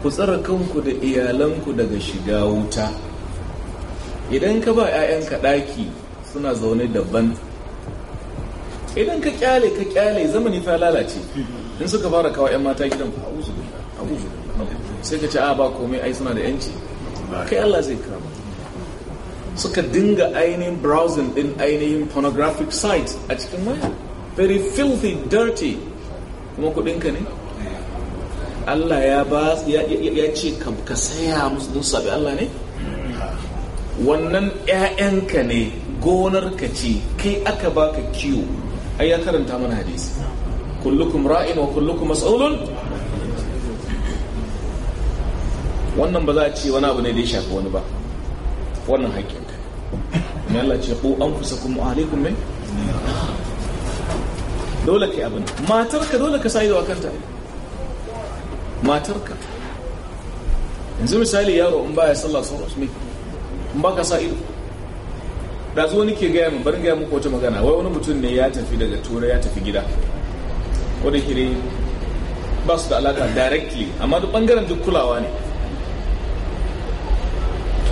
ku tsara kanku da iyalanku daga shiga wuta idan ka ba 'ya'yanka ɗaki suna zaune daban idan ka kyale ka kyale zamani fa lalace in suka fara kawo 'yan mata gidan ku, fa sai ka ce a ba komai ai suna da yanci kai Allah zai kama suka dinga ainihin browsing din ainihin pornographic sites a cikin waya very filthy dirty kuma kudinka ne Allah ya ba ya ce ka saya musu don sabi Allah ne wannan 'ya'yanka ne gonarka ce kai aka baka kiwo ai ya karanta mana hadisi kullukum ra'in wa kullukum mas'ulun wannan ba za a ce wani abu ne da ya shafi wani ba wannan haƙƙin ka ne Allah ce ku an kusa kuma alaikum mai dole ka abin matarka dole ka sa ido a kanta matarka yanzu misali yaro in ya sallah sun rasu mai in ba ka sa ido da zuwa nike gaya min bari gaya muku wata magana wai wani mutum ne ya tafi daga turai ya tafi gida wadda kire ba su da alaka directly amma duk bangaren duk kulawa ne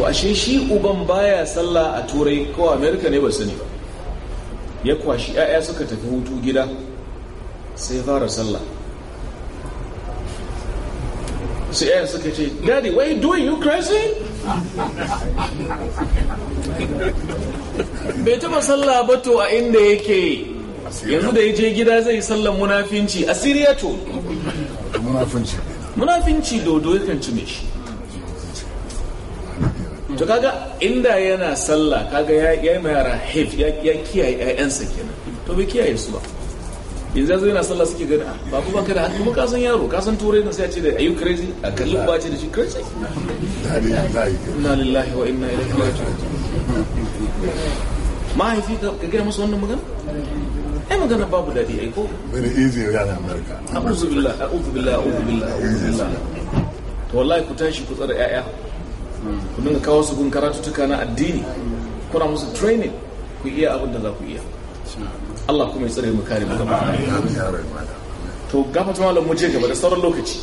to ashe shi uban baya sallah a turai ko amerika ne ba sani ba ya kwashi 'ya'ya suka tafi hutu gida sai fara sallah sai 'ya'ya suka ce daddy why you doing you crazy bai taba sallah ba to a inda yake yanzu da ya je gida zai sallan munafinci a siriya to munafinci dodo ci mai shi to kaga inda yana sallah kaga ya yi ma yara hif ya kiyaye ƴaƴansa kenan to bai kiyaye su ba yanzu yanzu yana sallah suke gani ba ku ba da hankali ka san yaro ka san turai na sai a ce da ayu crazy a kalli ba ce da shi crazy inna lillahi wa inna ilaihi raji'un mahaifi ka gaya musu wannan magana ai magana babu daɗi ai ko bane easy ya na amurka a'udhu billahi a'udhu billahi a'udhu billahi a'udhu billahi to wallahi ku tashi ku tsara ƴaƴa ku dinga kawo su gun karatuttuka na addini kuna musu training ku iya abin da za ku iya Allah kuma ya tsare mu kare mu gaba to gafa ta malam je gaba da sauran lokaci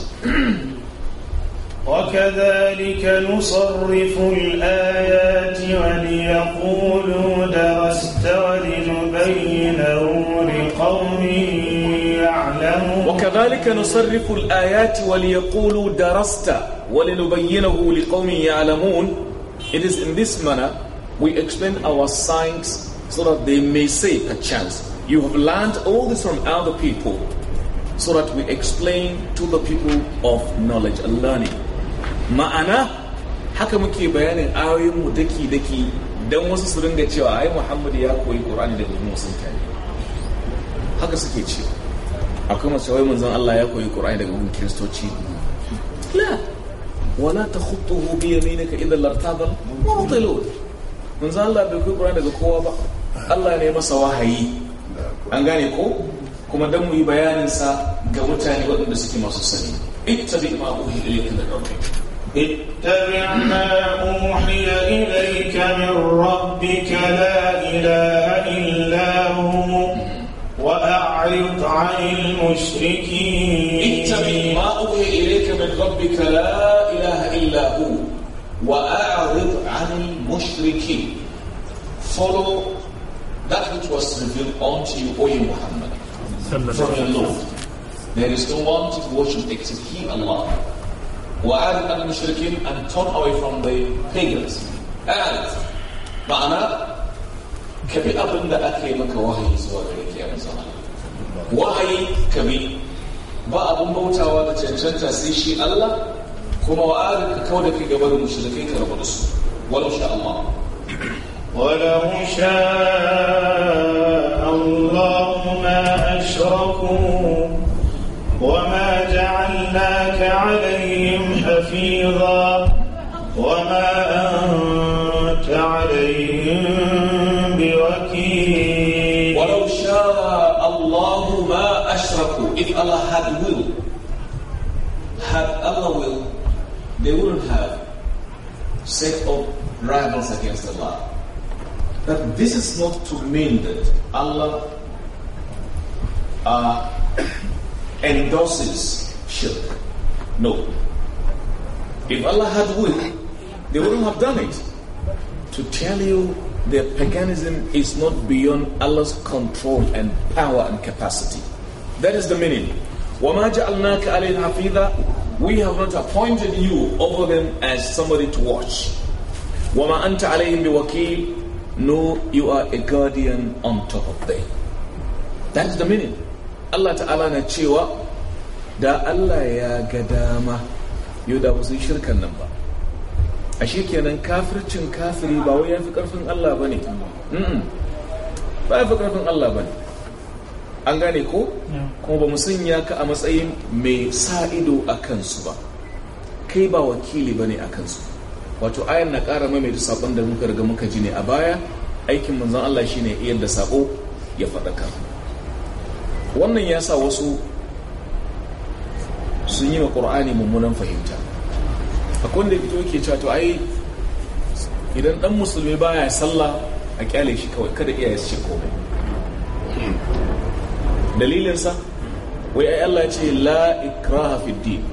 وكذلك نصرف الآيات وليقولوا درست ولنبينه لقومه وكذلك نصرف الآيات وليقولوا درست ولنبينه لقوم يعلمون It is in this manner we explain our signs so that they may say chance. you have learned all this from other people so that we explain to the people of knowledge and learning ma'ana haka muke bayanin ayoyinmu daki-daki don wasu su ringa cewa ai muhammadu ya koyi ƙorani da ilmin wasu haka suke cewa akwai masu wai manzon Allah ya koyi Qur'ani daga wurin kiristoci la wala hutu ya bi ka idan lartaba mubtilun manzon Allah bai koyi Qur'ani daga kowa ba Allah ne masa wahayi an gane ko kuma dan mu yi bayanin sa ga mutane waɗanda suke masu sani ittabi ma uhi ilayka min rabbik ittabi ma uhi ilayka min rabbika la ilaha illa huwa أعرض عن المشركين اتبع ما أوحي إليك من ربك لا إله إلا هو وأعرض عن المشركين follow that which was revealed unto you, O you Muhammad, from your Lord. There is no one to worship except He Allah. وأعرض عَنِ الْمُشْرِكِينَ And turn away from the pagans. أعرض معنى كبير أبن دا أكي مكا وحي زوا كريك wahayi kabi ba abun bautawa da cancanta sai shi Allah kuma wa'adin ka kawo da kai gaba da mushrikai ka rabu da su walau sha Allah ولو شاء الله ما أشركوا وما جعلناك عليهم حفيظا وما أنت عليهم if Allah had will, had Allah will, they wouldn't have set up rivals against Allah. But this is not to mean that Allah uh, endorses shirk. No. If Allah had will, they wouldn't have done it. To tell you their paganism is not beyond Allah's control and power and capacity. That is the meaning. وَمَا جَعَلْنَاكَ عَلَيْهِ حَفِيظًا We have not appointed you over them as somebody to watch. وَمَا أَنْتَ عَلَيْهِمْ بِوَكِيلٍ No, you are a guardian on top of them. That is the meaning. Allah Ta'ala na cewa da Allah ya ga dama yau da wasu shirkan nan ba. Ashe kenan kafircin kafiri ba wai ya fi ƙarfin Allah ba ne. Ba ya fi ƙarfin Allah ba ne. an gane ko kuma ba mu sanya ka a matsayin mai sa ido a kansu ba kai ba wakili ba ne a kansu wato ayan na ƙara mai da sabon da muka riga muka ji ne a baya aikin manzon Allah shine yadda da ya faɗaka wannan ya sa wasu sun yi wa ƙur'ani mummunan fahimta akwai wanda fito ke cewa to ai idan ɗan musulmi baya sallah a kyale shi kawai kada iyaye su ce komai dalilinsa wai ai Allah ya ce la ikraha fi din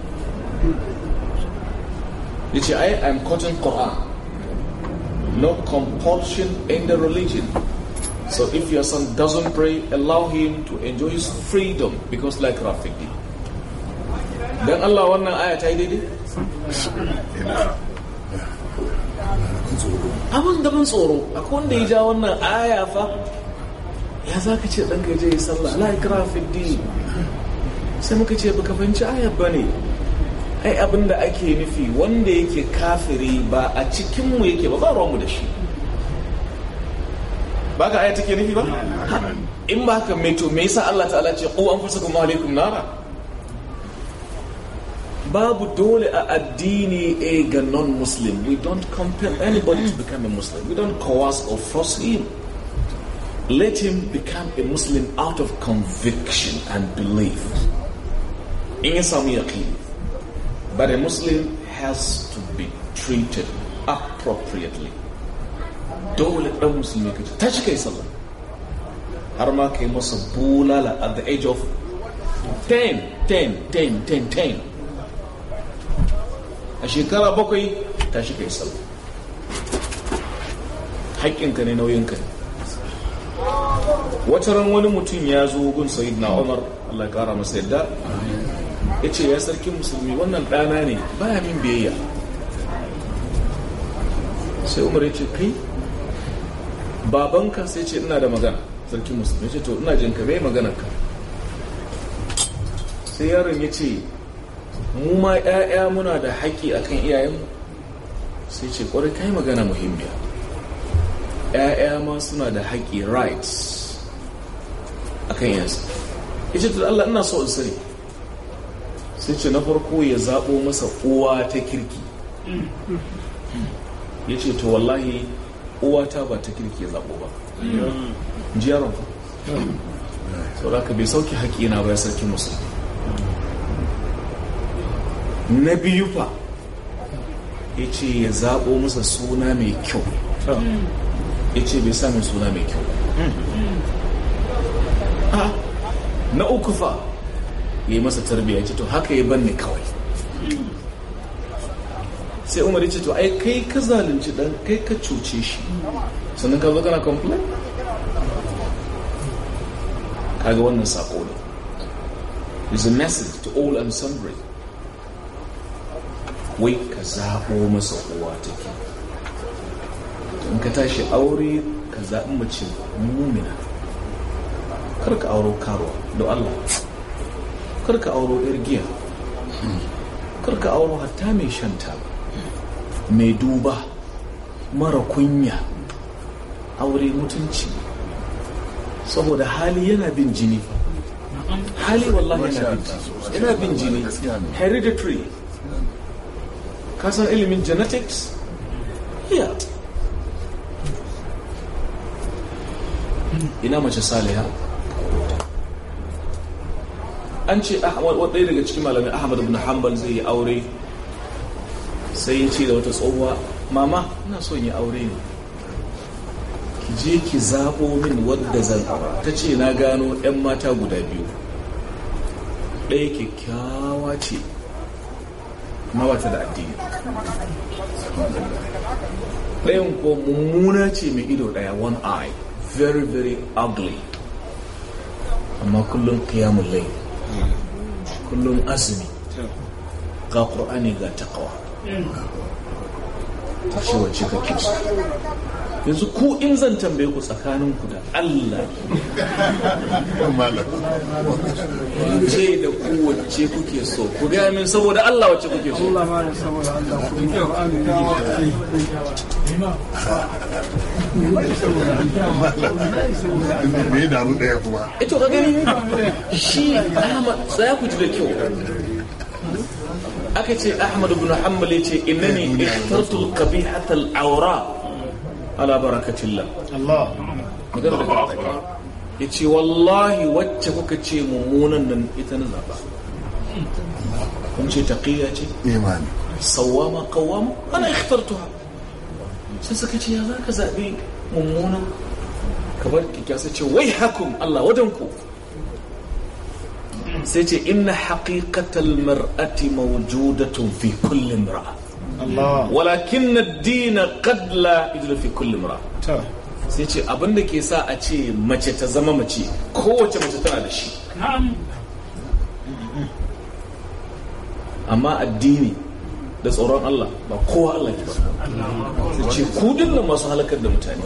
ya ce ai I'm quoting Quran no compulsion in the religion so if your son doesn't pray allow him to enjoy his freedom because like ikraha fi din dan Allah wannan aya ta yi daidai abin gaban tsoro akwai wanda ya ja wannan aya fa ya za ka ce ɗanka ya je ya sallah la ikra din sai muka ce baka fahimci ayar ba ne ai abin da ake nufi wanda yake kafiri ba a cikinmu yake ba ba ruwanmu da shi ba ka aya take nufi ba in ba haka mai to me yasa Allah ta'ala ce ku an fasa kuma alaikum nara babu dole a addini a eh, ga non-muslim we don't compel anybody to become a muslim we don't coerce or force him let him become a Muslim out of conviction and belief. But a Muslim has to be treated appropriately. at the age of 10, 10, 10, 10, 10. A shekara bakwai ta wata ran wani mutum ya zo gun sayid na umar allah kara masa yadda ya ce ya sarki musulmi wannan ɗana ne baya min biyayya sai umar ya ce kai babanka sai ce ina da magana sarki musulmi ya ce to ina jin ka mai magana ka sai yaron ya ce mu ma 'ya'ya muna da haƙƙi akan iyayenmu sai ce kwarai kai magana muhimmiya 'ya'ya ma suna da haƙƙi rights akan yansa ya ce Allah ina so in sani sai ce na farko ya zaɓo masa uwa ta kirki ya ce to wallahi uwa ta ba ta kirki ya zaɓo ba ji yaron ku saboda ka bai sauki haƙi ba ya sarki musulmi na biyu fa ya ce ya zaɓo masa suna mai kyau ya ce bai sami suna mai kyau na uku fa ya yi masa tarbiyya ce to haka ya banne kawai sai umar ce to ai kai ka zalunci dan kai ka cuce shi sannan ka zo kana complain kaga wannan sako ne is a message to all and sundry wai ka zaɓo masa uwa take in ka tashi aure ka zaɓi mace mumina kar ka auro karuwa da Allah kar ka auro irgiya kar ka auro hatta mai shanta mai duba mara kunya aure mutunci saboda hali yana bin jini hali wallahi yana bin jini hereditary kasan ilimin genetics yeah ina mace saliha an ce ah, ɗaya daga cikin malamai ahmad ibn hanbal zai yi aure sai ya ce da wata tsohuwa mama ina son yi aure ne ki je ki zaɓo min wadda zan ta ce na gano 'yan mata guda biyu ɗaya kyakkyawa ce kuma ba ta da addini ɗayan ko mummuna ce mai ido ɗaya one eye very very ugly amma kullum kiyamun laifin kullum azumi ga ƙur'ani ga takawa ta mm. wace wacce ke so yanzu ku in zan tambaye ku tsakanin ku da Allah ce da ku wacce kuke so ku gaya min saboda Allah wacce kuke so daya kuma eh, shi Ahmad aka ce Ahmad ibn innani ikhtartu al-qabihata al-awra ala barakatillah Allah magana da wallahi wacce kuka ce mummunan nan ita na zaba kun ce taqiyya ce imani sawama qawama ana ikhtartuha sai suka ce ya za ka mummuna kamar kikya sai ce wai hakum Allah wadanku sai ce inna haqiqatal mar'ati mawjudatun fi kullum ra'a walakin na dina kadla idula fi kulli mura sai ce abinda ke sa a ce mace ta zama mace kowace mace tana da shi amma addini da tsoron Allah ba kowa Allah ke ba sai ce kudin masu halakar da mutane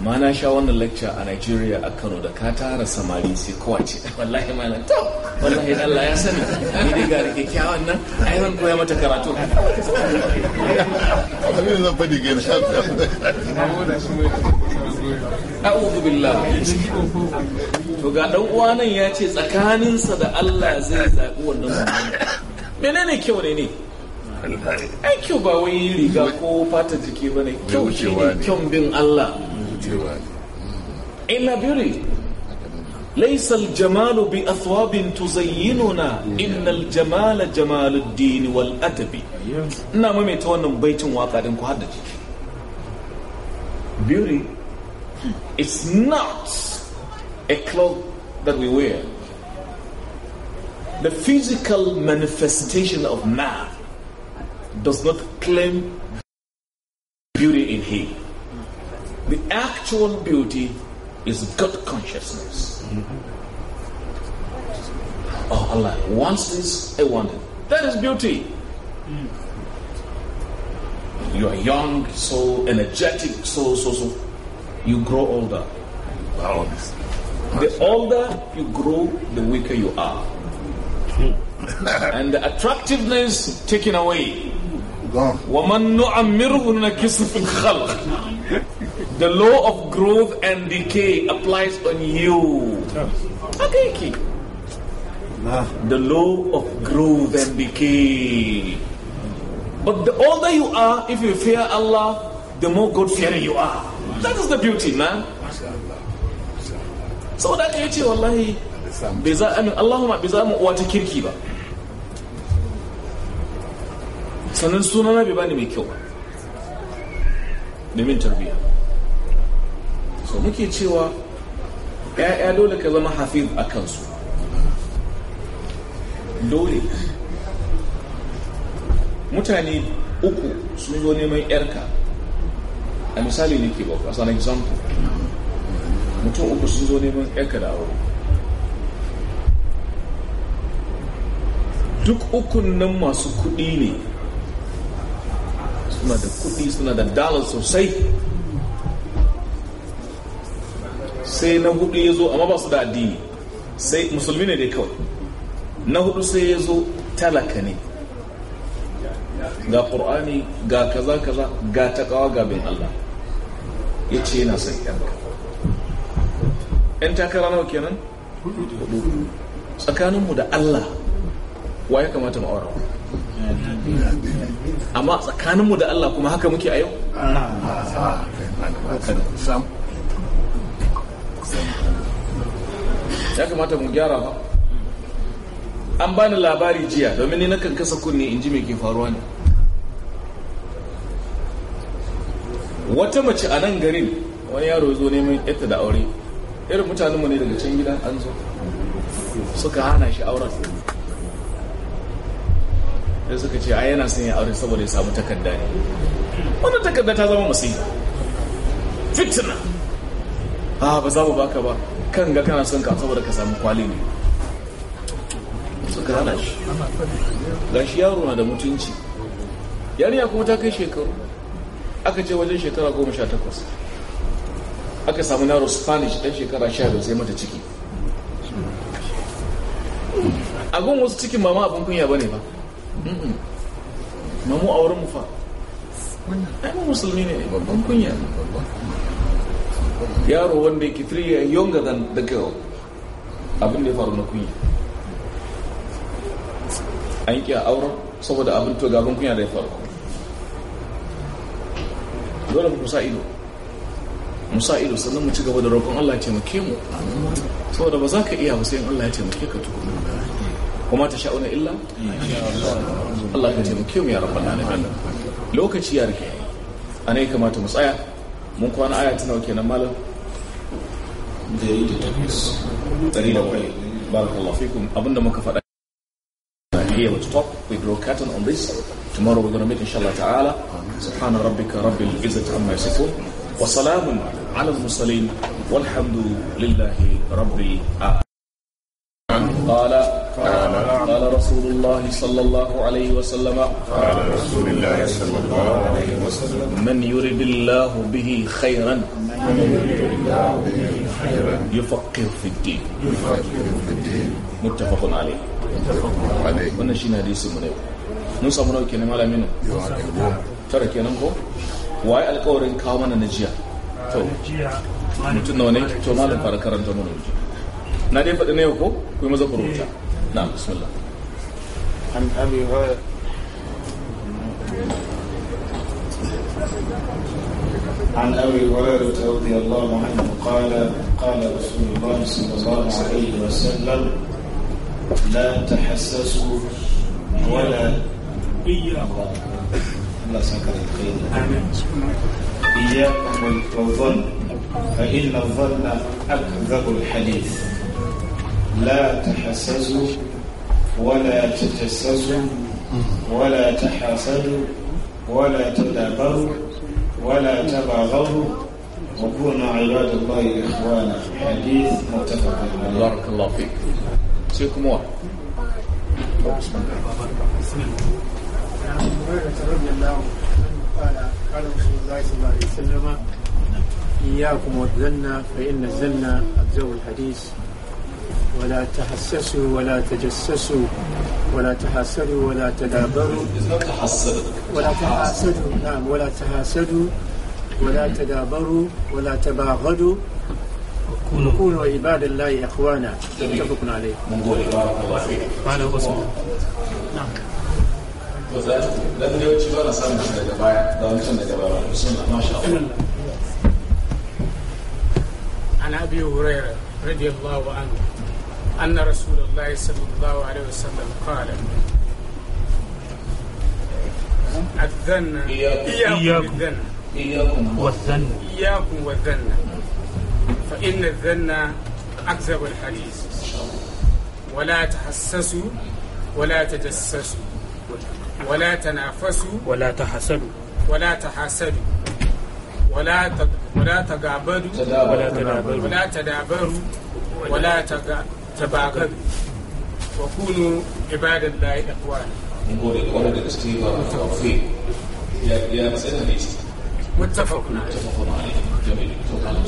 ma na sha wannan lecture a Nigeria a Kano da ka tara samari sai kowa ce wallahi na to wallahi Allah ya sani ni dai ga kyakkyawan nan ai ran koya mata karatu abin zan fadi ga a'udhu billah to ga dan uwa nan ya ce tsakaninsa da Allah zai zabi wannan menene kyau ne ne ai kyau ba wai riga ko fata jiki bane kyau ne kyau bin Allah Hmm. beauty. Inner ليس الجمال بأثواب تزيننا إن الجمال جمال الدين والأدب ina beauty is not a cloak that we wear the physical manifestation of man does not claim beauty in him the actual beauty is God consciousness. Mm-hmm. Oh, Allah wants this, I want it. That is beauty. Mm. You are young, so energetic, so, so, so. You grow older. Wow. The older you grow, the weaker you are. and the attractiveness taken away. Gone. The law of growth and decay applies on you. Hakiki. The law of growth and decay. But the older you are, if you fear Allah, the more God fearing you are. That is the beauty, man. So that ya Allah wallahi bai za a Allahumma bai za mu uwa ta kirki ba. Sannan sunana bai bani mai kyau ba. Domin tarbiyya. so muke cewa ‘ya'ya dole ka zama hafiz a kansu dole mutane uku sun zo neman ‘yarka a misali ne ke ba ku asalin example mutum uku sun zo neman ‘yarka da aure duk ukun nan masu kuɗi ne suna da kuɗi suna da dalar sosai sai na hudu ya zo amma ba su da addini sai musulmi ne dai kawai na hudu sai ya zo talaka ne ga ƙur'ani ga kaza kaza ga takawa ga bin Allah ya ce yana son ka. yan takara nawa kenan hudu tsakaninmu da Allah wa ya kamata mu amma tsakaninmu da Allah kuma haka muke a yau ya kamata mu gyara ba an bani labari jiya domin ni nakan kasa kunne in ji me ke faruwa ne wata mace a nan garin wani yaro zo neman 'yatta da aure irin mutanenmu ne daga can gida an zo suka hana shi auren sai suka ce ai yana son ya aure saboda ya samu takarda ne wannan takarda ta zama musiba fitna a ba za mu baka ba kan ga kana son ka saboda ka samu kwali ne suka hana shi gashi yaro na da mutunci ya kuma ta kai shekaru aka ce wajen shekara goma sha takwas aka samu yaro spanish dan shekara sha da sai mata ciki a gun wasu cikin mama abin kunya ba ne ba mamu a wurin mufa. fa ai musulmi ne babban kunya babban yaro wanda yake 3 years younger than the girl abin da ya faru na kunya an ƙi a auren saboda abin to gaban kunya da ya faru dole mu sa ido mu sa ido sannan mu ci gaba da roƙon Allah ya taimake mu saboda ba za ka iya ba sai Allah ya taimake ka tukuna kuma ta sha'una illa Allah ka taimake mu ya rabbal alamin lokaci ya rike a ne kamata mu tsaya mun kwana aya ta nawa kenan malam da yi da takwas dari da kwai barakallahu fikum abinda muka faɗa here we stop we draw curtain on this tomorrow we're going to meet inshallah ta'ala subhana rabbika rabbil izzati amma yasifun wa salamun ala al-mursalin walhamdu lillahi rabbil alamin نعم. قال قال قال رسول الله صلى الله عليه وسلم قال رسول الله صلى الله عليه وسلم من يريد الله به خيرا من يريد الله به خيرا يفقه في الدين يفقه في الدين متفق عليه متفق عليه من شين حديث من هو موسى بن عكنه مالا منو ترى كان هو واي القورن كاو نجيا تو نجيا ما تو مالا فار كارنتو منو na dai faɗi ne ko ku yi maza ku na bismillah an abi عن ابي هريره رضي الله عنه قال قال رسول الله صلى الله عليه وسلم لا تحسسوا ولا إياكم الله سكر الخير إياكم والظن فإن الظن أكذب الحديث لا تحسسوا ولا تجسسوا ولا تحاسدوا ولا تدابروا ولا تباغضوا وكونوا عباد الله إخوانا حديث متفق عليه بارك الله فيك سيكم واحد بسم الله عن هريره رضي الله عنه قال قال رسول الله صلى الله عليه وسلم اياكم والزنا فان الزنا ابزغ الحديث ولا تحسسوا ولا تجسسوا ولا تحاسدوا ولا تدابروا ولا تحاسدوا نعم ولا تحاسدوا ولا تدابروا ولا تباغضوا كونوا عباد الله اخوانا متفق عليه. بارك الله فيك. نعم. ما له نعم. to za dan da yawanci ba أن رسول الله صلى الله عليه وسلم قال الذن إياكم والذن إياكم والذن فإن الذن أكذب الحديث ولا تحسسوا ولا تجسسوا ولا تنافسوا ولا تحسدوا ولا تحاسدوا ولا ولا تغابروا ولا تدابروا ولا تغابروا تباغضوا وكونوا عباد الله إخوانا نقول الولد الاستيضاء والتوفيق يا مسألة ليست متفق عليه عليه جميل متفق على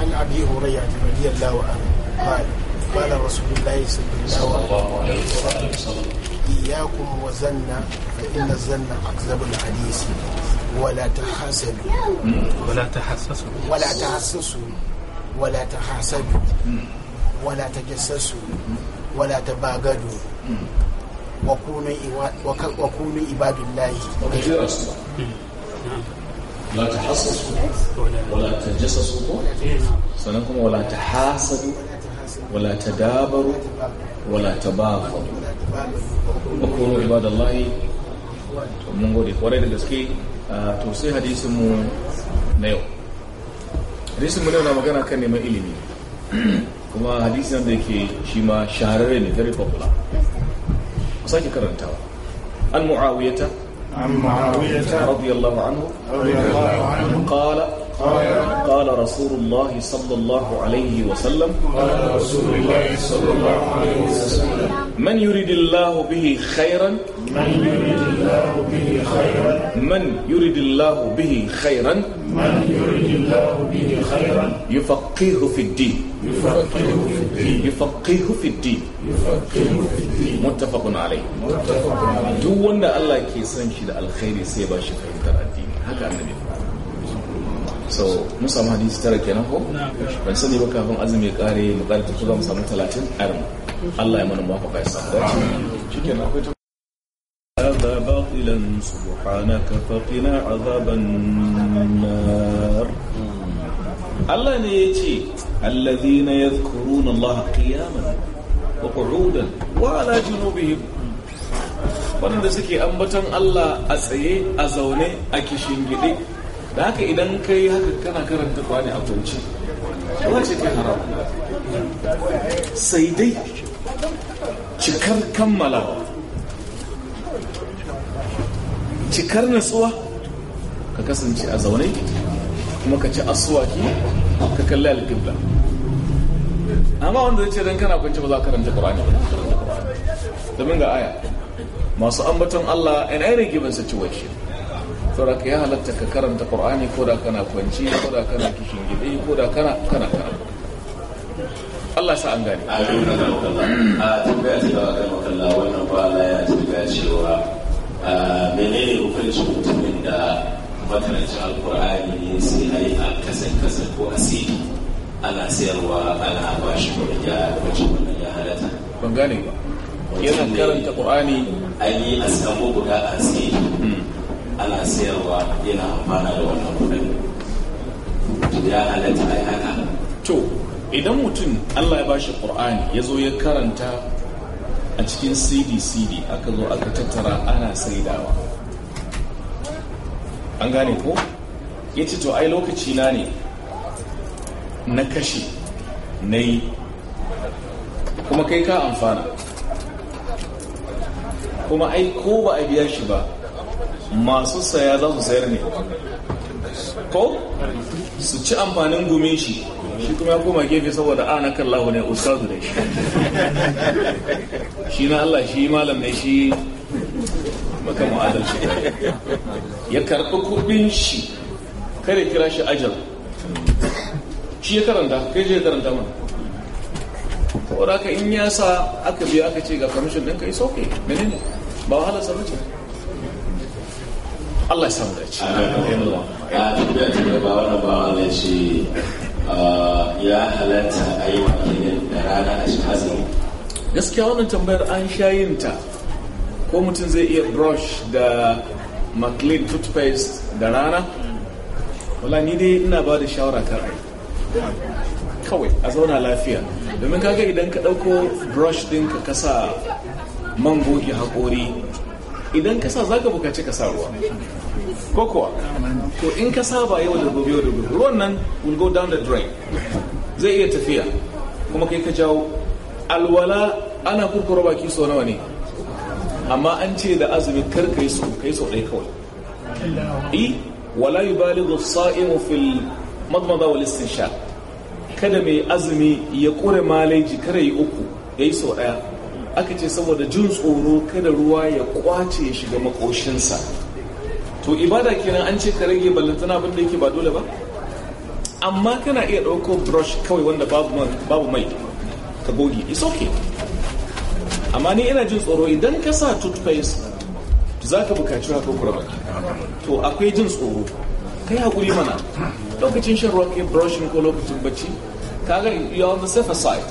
عن ابي هريره رضي الله عنه قال قال رسول الله صلى الله عليه وسلم اياكم وزن فان الزن اكذب الحديث ولا تحاسدوا ولا تحسسوا ولا تحسسوا wala ta hasadu wala ta jassasu wala ta bagadu wa ibadullahi لا تحصصوا ولا تجسسوا سنكم ولا تحاسدوا ولا تدابروا ولا تباغضوا وكونوا عباد الله mun gode kwarai da gaske ah, to sai hadisin mu na yau hadisin mu na magana kan neman ilimi kuma hadisin da yake shi ma shahararre ne very popular a sake karantawa an mu'awiyata an mu'awiyata radiyallahu anhu radiyallahu anhu qala قال رسول الله صلى الله عليه وسلم قال رسول الله صلى الله عليه وسلم من يريد الله به خيرا من يريد الله به خيرا من يريد الله به خيرا من يريد الله به خيرا يفقهه في الدين يفقهه في الدين يفقهه في الدين يفقهه في الدين متفق عليه متفق عليه duk wanda Allah ke son shi da alkhairi sai ba shi fahimtar addini haka annabi so musa samu hadisi tara kenan ko ban sani ba kafin azumi ya kare mu kare ko za mu samu 30 arin Allah ya mana muwafaka ya samu dace shikenan akwai هذا باطلا سبحانك فقنا عذاب النار allah ne yace alladhina yadhkuruna Allah qiyaman wa qu'udan wa ala junubihim wanda suke ambaton Allah a tsaye a zaune a kishin gidi. da haka idan ka yi haka kana karanta kwani a kwanci ba ce kai haram sai dai cikar kammala. cikar natsuwa ka kasance a zaune kuma ka ci asuwaki ka kalli alƙibla amma wanda zai ce don kana kwanci ba za ka karanta ƙurani domin ga aya masu ambaton Allah in any given situation saboda ka ya halatta ka karanta qur'ani ko da kana kwanci ko da kana kishin gidi ko da kana kana kana Allah sa an gane a tambaya ce ba ga makalla wannan ba Allah ya tambaya cewa menene hukuncin mutumin da makarancin alqur'ani ne sai ai a kasan kasan ko asiri ana sayarwa ana ba shi kuɗi ya wacce wannan ya halatta ban gane ba yana karanta qur'ani an yi asamu guda asiri hmm. ana sayarwa yana amfana da wannan kudin ya halatta a haka to idan mutum allah ya bashi ƙur'ani ya zo ya karanta a cikin cd cd aka zo aka tattara ana saidawa an gane ko ya ce to ai lokaci na ne na kashe na yi kuma kai ka amfana kuma ai ko ba a biya shi ba masu saya za su sayar ne ko su ci amfanin gumin shi shi kuma ya koma gefe saboda ana kan lahu ne ustazu ne shi na Allah shi malam ne shi maka mu'adalci ya karɓi kuɗin shi kare kira shi ajal shi ya karanta kai je karanta mana da ka in ya sa aka biya aka ce ga kamishin ɗin ka yi sauke menene ba wahalar sa bace Allah ya samu dace a tafiya ta gaba wannan bawan Allah ce ya halatta a yi makilin da rana a shi hazin gaskiya wannan tambayar an shayinta ko mutum zai iya brush da maclean toothpaste da rana wala ni dai ina ba da shawara kar ai kawai a zauna lafiya domin kaga idan ka ɗauko brush ɗin ka kasa man goge haƙori idan kasa za ka bukaci kasa ruwa ko kuwa to in ka saba yau da gobe da gobe ruwan nan will go down the drain zai iya tafiya kuma kai ka jawo alwala ana kurkura baki sau nawa ne amma an ce da azumi kar kai so kai so dai kawai i e, wala yubalighu as-sa'imu fil madmada wal kada mai azumi ya kure maleji kare yi uku yayi so daya aka ce saboda jin tsoro kada ruwa ya kwace ya shiga makoshinsa to ibada kenan an ce ka rage ballantana abin da yake ba dole ba amma kana iya ɗauko brush kawai wanda babu mai ka goge it's okay amma ni ina jin tsoro idan ka sa toothpaste za ka bukaci haka kura ba to akwai jin tsoro kai haƙuri mana lokacin shan ruwa kai brushing ko lokacin bacci kaga you are on the safer side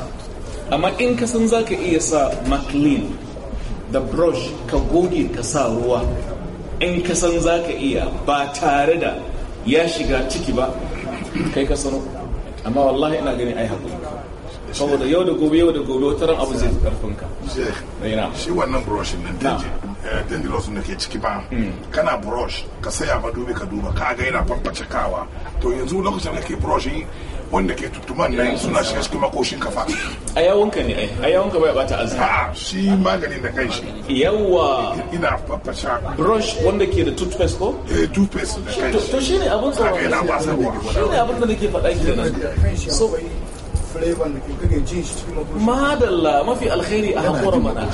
amma in ka san za ka iya sa maklin da brush ka goge ka sa ruwa in ka san za ka iya ba tare da ya shiga ciki ba kai ka sano amma wallahi ina gani ai haƙuri saboda yau da gobe yau da gobe wata ran abu zai fi ƙarfin ka shi wannan brush nan daji eh, sun da ke ciki ba hmm. kana brush ka saya ba dubi ka duba ka ga yana farface kawa to yanzu lokacin da ke brush wanda ke tuttuman nan suna shiga cikin makoshin kafa a yawunka ne ai a yawunka bai bata azumi ha shi maganin da kai shi yawa ina fafasha brush wanda ke da toothpaste ko eh toothpaste da kai to shine abun tsoro ina ne sarwa shine abun da nake faɗa nan so flavor ne kake jin shi cikin makoshin madalla mafi alkhairi a hakura mana